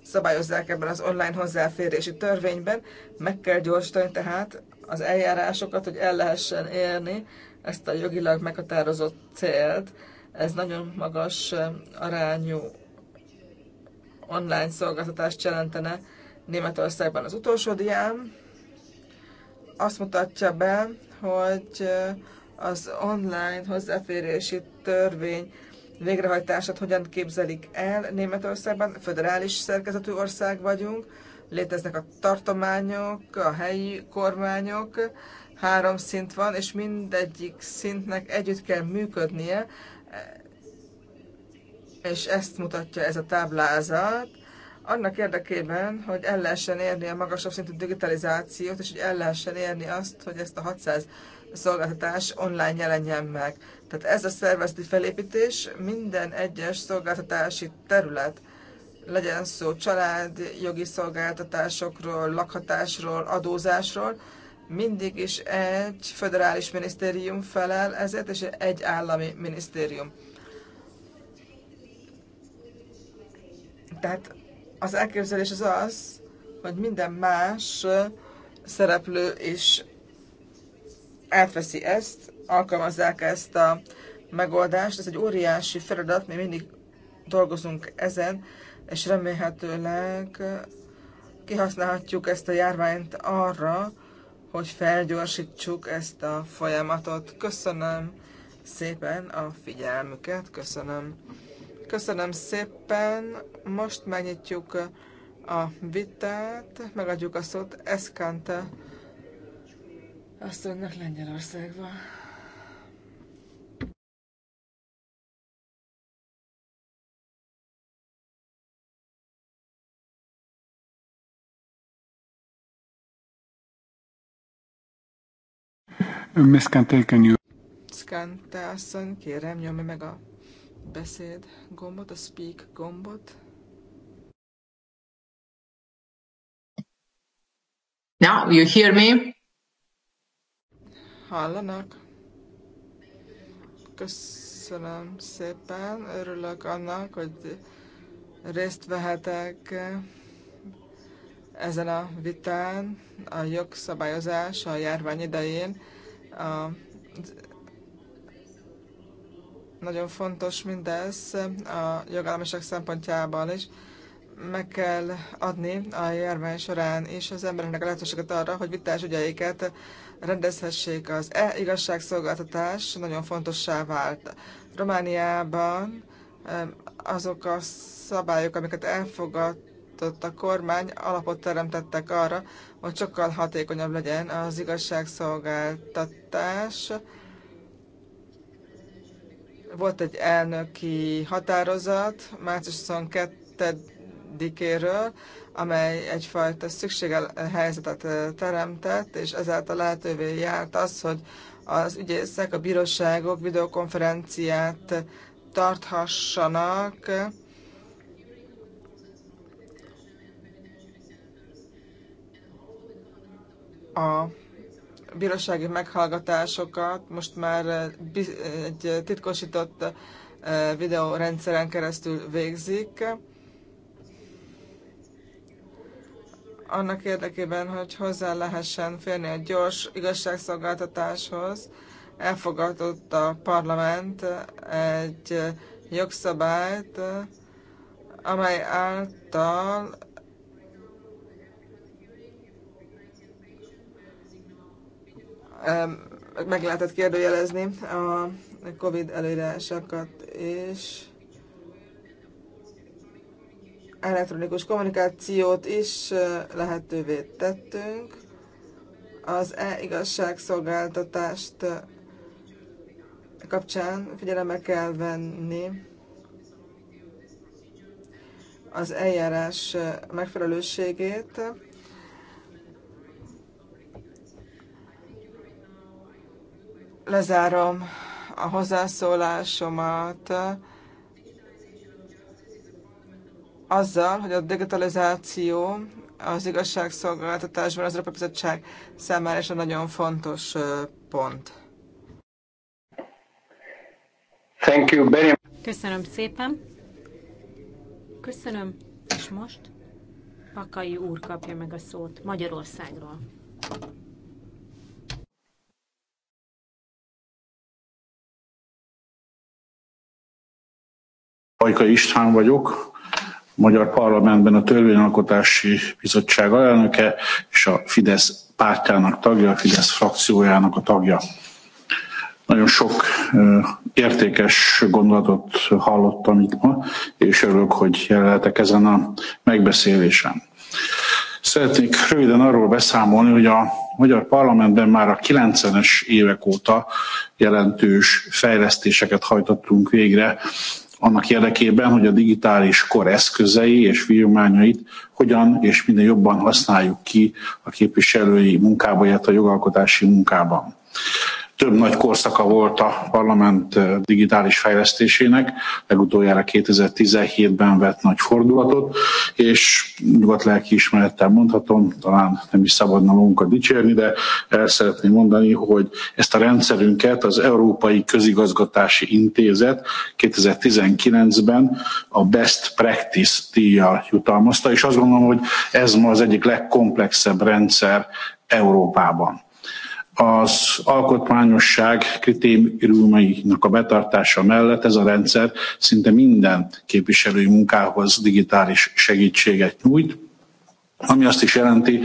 szabályozzák ebben az online hozzáférési törvényben, meg kell gyorsítani tehát az eljárásokat, hogy el lehessen érni ezt a jogilag meghatározott célt. Ez nagyon magas eh, arányú online szolgáltatást jelentene Németországban az utolsó diám azt mutatja be, hogy az online hozzáférési törvény végrehajtását hogyan képzelik el Németországban. Föderális szerkezetű ország vagyunk, léteznek a tartományok, a helyi kormányok, három szint van, és mindegyik szintnek együtt kell működnie, és ezt mutatja ez a táblázat annak érdekében, hogy el lehessen érni a magasabb szintű digitalizációt, és hogy el lehessen érni azt, hogy ezt a 600 szolgáltatás online jelenjen meg. Tehát ez a szervezeti felépítés minden egyes szolgáltatási terület, legyen szó család, jogi szolgáltatásokról, lakhatásról, adózásról, mindig is egy föderális minisztérium felel ezért, és egy állami minisztérium. Tehát az elképzelés az az, hogy minden más szereplő is átveszi ezt, alkalmazzák ezt a megoldást. Ez egy óriási feladat, mi mindig dolgozunk ezen, és remélhetőleg kihasználhatjuk ezt a járványt arra, hogy felgyorsítsuk ezt a folyamatot. Köszönöm szépen a figyelmüket, köszönöm. Köszönöm szépen. Most megnyitjuk a vitát, megadjuk a szót Azt asszonynak Lengyelországban. Miss Kante, can you... Skante asszony, kérem, nyomja meg a beszéd gombot, a speak gombot. Now you hear me? Hallanak. Köszönöm szépen, örülök annak, hogy részt vehetek ezen a vitán, a jogszabályozás a járvány idején, a nagyon fontos mindez a jogállamiság szempontjából is. Meg kell adni a járvány során is az embereknek a lehetőséget arra, hogy vitás ügyeiket rendezhessék. Az e-igazságszolgáltatás nagyon fontossá vált. Romániában azok a szabályok, amiket elfogadott a kormány, alapot teremtettek arra, hogy sokkal hatékonyabb legyen az igazságszolgáltatás, volt egy elnöki határozat március 22-éről, amely egyfajta szükséghelyzetet teremtett, és ezáltal lehetővé járt az, hogy az ügyészek, a bíróságok videokonferenciát tarthassanak, a bírósági meghallgatásokat most már eh, egy eh, titkosított eh, videórendszeren keresztül végzik. Annak érdekében, hogy hozzá lehessen férni a gyors igazságszolgáltatáshoz, elfogadott a parlament egy jogszabályt, amely által meg lehetett kérdőjelezni a Covid előírásokat, és elektronikus kommunikációt is lehetővé tettünk. Az e-igazságszolgáltatást kapcsán figyelembe kell venni az eljárás megfelelőségét, Lezárom a hozzászólásomat azzal, hogy a digitalizáció az igazságszolgáltatásban az Európai Bizottság számára is a nagyon fontos pont. Thank you very much. Köszönöm szépen. Köszönöm. És most Pakai úr kapja meg a szót Magyarországról. Ajka István vagyok, Magyar Parlamentben a Törvényalkotási Bizottság alelnöke és a Fidesz pártjának tagja, a Fidesz frakciójának a tagja. Nagyon sok értékes gondolatot hallottam itt ma, és örülök, hogy jelentek ezen a megbeszélésen. Szeretnék röviden arról beszámolni, hogy a magyar parlamentben már a 90-es évek óta jelentős fejlesztéseket hajtottunk végre annak érdekében, hogy a digitális kor eszközei és vívmányait hogyan és minden jobban használjuk ki a képviselői munkában, illetve a jogalkotási munkában több nagy korszaka volt a parlament digitális fejlesztésének, legutoljára 2017-ben vett nagy fordulatot, és nyugat lelki ismerettel mondhatom, talán nem is szabadna magunkat dicsérni, de el szeretném mondani, hogy ezt a rendszerünket az Európai Közigazgatási Intézet 2019-ben a Best Practice díjjal jutalmazta, és azt gondolom, hogy ez ma az egyik legkomplexebb rendszer Európában az alkotmányosság kritériumainak a betartása mellett ez a rendszer szinte minden képviselői munkához digitális segítséget nyújt, ami azt is jelenti,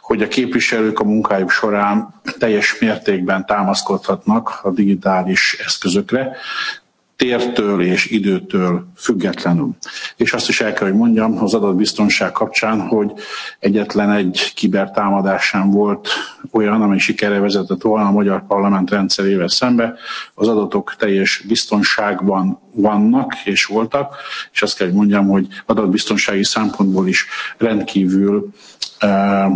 hogy a képviselők a munkájuk során teljes mértékben támaszkodhatnak a digitális eszközökre, tértől és időtől függetlenül. És azt is el kell, hogy mondjam az adatbiztonság kapcsán, hogy egyetlen egy kibertámadás sem volt olyan, amely sikere vezetett volna a magyar parlament rendszerével szembe. Az adatok teljes biztonságban vannak és voltak, és azt kell, hogy mondjam, hogy adatbiztonsági szempontból is rendkívül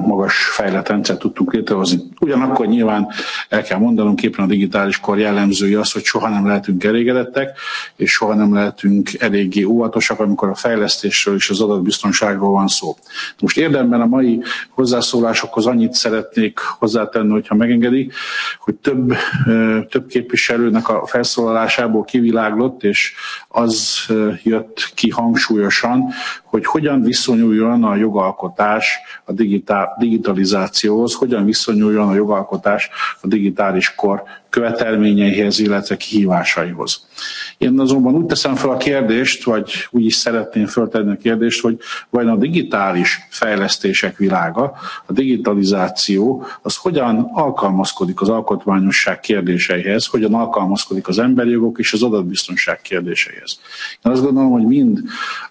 magas fejlett rendszert tudtunk létrehozni. Ugyanakkor nyilván el kell mondanunk, éppen a digitális kor jellemzői az, hogy soha nem lehetünk elégedettek, és soha nem lehetünk eléggé óvatosak, amikor a fejlesztésről és az adatbiztonságról van szó. Most érdemben a mai hozzászólásokhoz annyit szeretnék hozzátenni, hogyha megengedi, hogy több, több képviselőnek a felszólalásából kiviláglott, és az jött ki hangsúlyosan, hogy hogyan viszonyuljon a jogalkotás a digitál, digitalizációhoz, hogyan viszonyuljon a jogalkotás a digitális kor követelményeihez, illetve kihívásaihoz. Én azonban úgy teszem fel a kérdést, vagy úgy is szeretném feltenni a kérdést, hogy vajon a digitális fejlesztések világa, a digitalizáció, az hogyan alkalmazkodik az alkotmányosság kérdéseihez, hogyan alkalmazkodik az emberi jogok és az adatbiztonság kérdéseihez. Én azt gondolom, hogy mind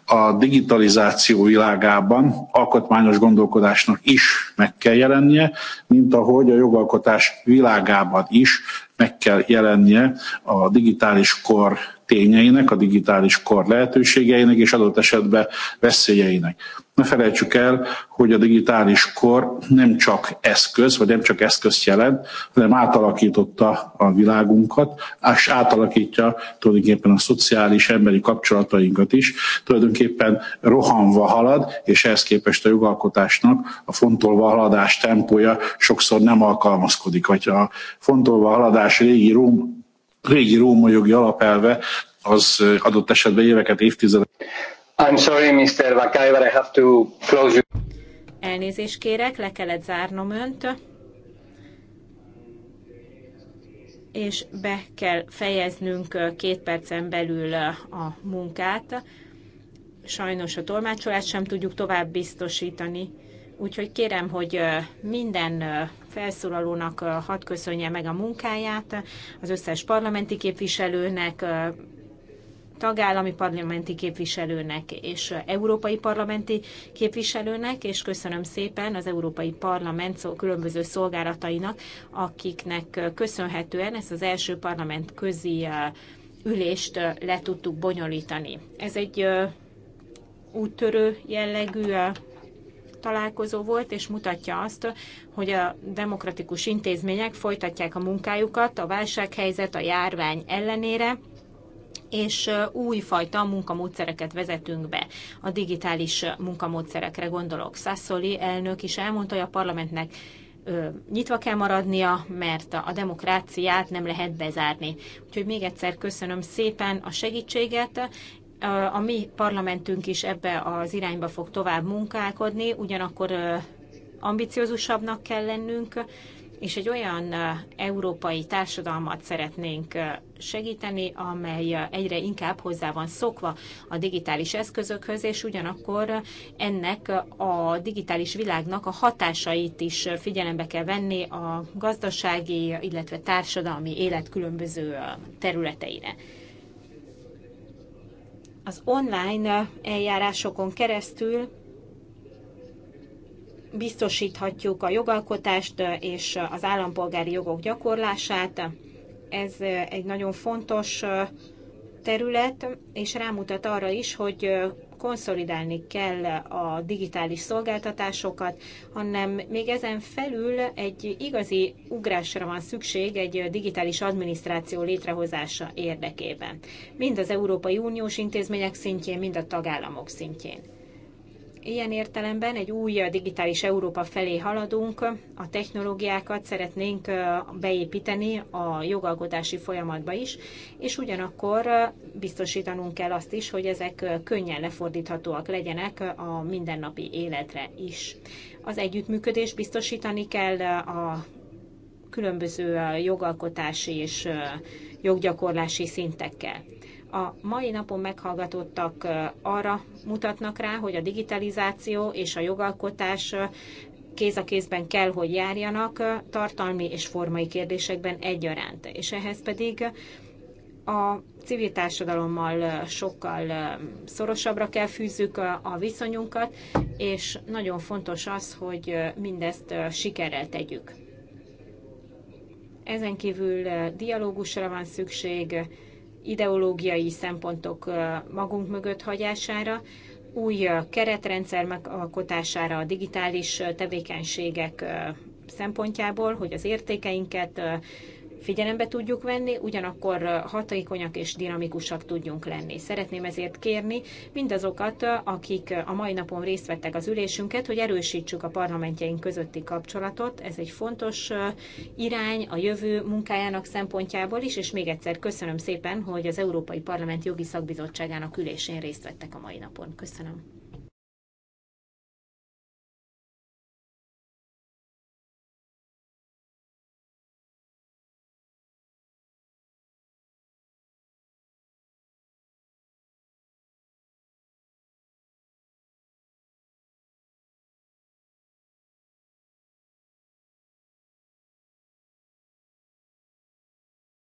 a digitalizáció világában alkotmányos gondolkodásnak is meg kell jelennie, mint ahogy a jogalkotás világában is meg kell jelennie a digitális kor tényeinek, a digitális kor lehetőségeinek és adott esetben veszélyeinek. Ne felejtsük el, hogy a digitális kor nem csak eszköz, vagy nem csak eszköz jelent, hanem átalakította a világunkat, és átalakítja tulajdonképpen a szociális, emberi kapcsolatainkat is, tulajdonképpen rohanva halad, és ehhez képest a jogalkotásnak a fontolva haladás tempója sokszor nem alkalmazkodik. Vagy a fontolva haladás régi Róm régi római jogi alapelve az adott esetben éveket, évtizedek. I'm sorry, Mr. Vakai, but I have to close you. Elnézést kérek, le kellett zárnom önt. És be kell fejeznünk két percen belül a munkát. Sajnos a tolmácsolást sem tudjuk tovább biztosítani. Úgyhogy kérem, hogy minden felszólalónak hat köszönje meg a munkáját, az összes parlamenti képviselőnek, tagállami parlamenti képviselőnek és európai parlamenti képviselőnek, és köszönöm szépen az Európai Parlament különböző szolgálatainak, akiknek köszönhetően ezt az első parlament közi ülést le tudtuk bonyolítani. Ez egy úttörő jellegű találkozó volt, és mutatja azt, hogy a demokratikus intézmények folytatják a munkájukat a válsághelyzet, a járvány ellenére, és újfajta munkamódszereket vezetünk be. A digitális munkamódszerekre gondolok. Sassoli elnök is elmondta, hogy a parlamentnek nyitva kell maradnia, mert a demokráciát nem lehet bezárni. Úgyhogy még egyszer köszönöm szépen a segítséget, a mi parlamentünk is ebbe az irányba fog tovább munkálkodni, ugyanakkor ambiciózusabbnak kell lennünk, és egy olyan európai társadalmat szeretnénk segíteni, amely egyre inkább hozzá van szokva a digitális eszközökhöz, és ugyanakkor ennek a digitális világnak a hatásait is figyelembe kell venni a gazdasági, illetve társadalmi élet különböző területeire az online eljárásokon keresztül biztosíthatjuk a jogalkotást és az állampolgári jogok gyakorlását. Ez egy nagyon fontos terület, és rámutat arra is, hogy konszolidálni kell a digitális szolgáltatásokat, hanem még ezen felül egy igazi ugrásra van szükség egy digitális adminisztráció létrehozása érdekében. Mind az Európai Uniós intézmények szintjén, mind a tagállamok szintjén. Ilyen értelemben egy új digitális Európa felé haladunk, a technológiákat szeretnénk beépíteni a jogalkotási folyamatba is, és ugyanakkor biztosítanunk kell azt is, hogy ezek könnyen lefordíthatóak legyenek a mindennapi életre is. Az együttműködés biztosítani kell a különböző jogalkotási és joggyakorlási szintekkel. A mai napon meghallgatottak arra mutatnak rá, hogy a digitalizáció és a jogalkotás kéz a kézben kell, hogy járjanak tartalmi és formai kérdésekben egyaránt. És ehhez pedig a civil társadalommal sokkal szorosabbra kell fűzzük a viszonyunkat, és nagyon fontos az, hogy mindezt sikerrel tegyük. Ezen kívül dialógusra van szükség, ideológiai szempontok magunk mögött hagyására, új keretrendszer megalkotására a digitális tevékenységek szempontjából, hogy az értékeinket, figyelembe tudjuk venni, ugyanakkor hatékonyak és dinamikusak tudjunk lenni. Szeretném ezért kérni mindazokat, akik a mai napon részt vettek az ülésünket, hogy erősítsük a parlamentjeink közötti kapcsolatot. Ez egy fontos irány a jövő munkájának szempontjából is, és még egyszer köszönöm szépen, hogy az Európai Parlament Jogi Szakbizottságának ülésén részt vettek a mai napon. Köszönöm.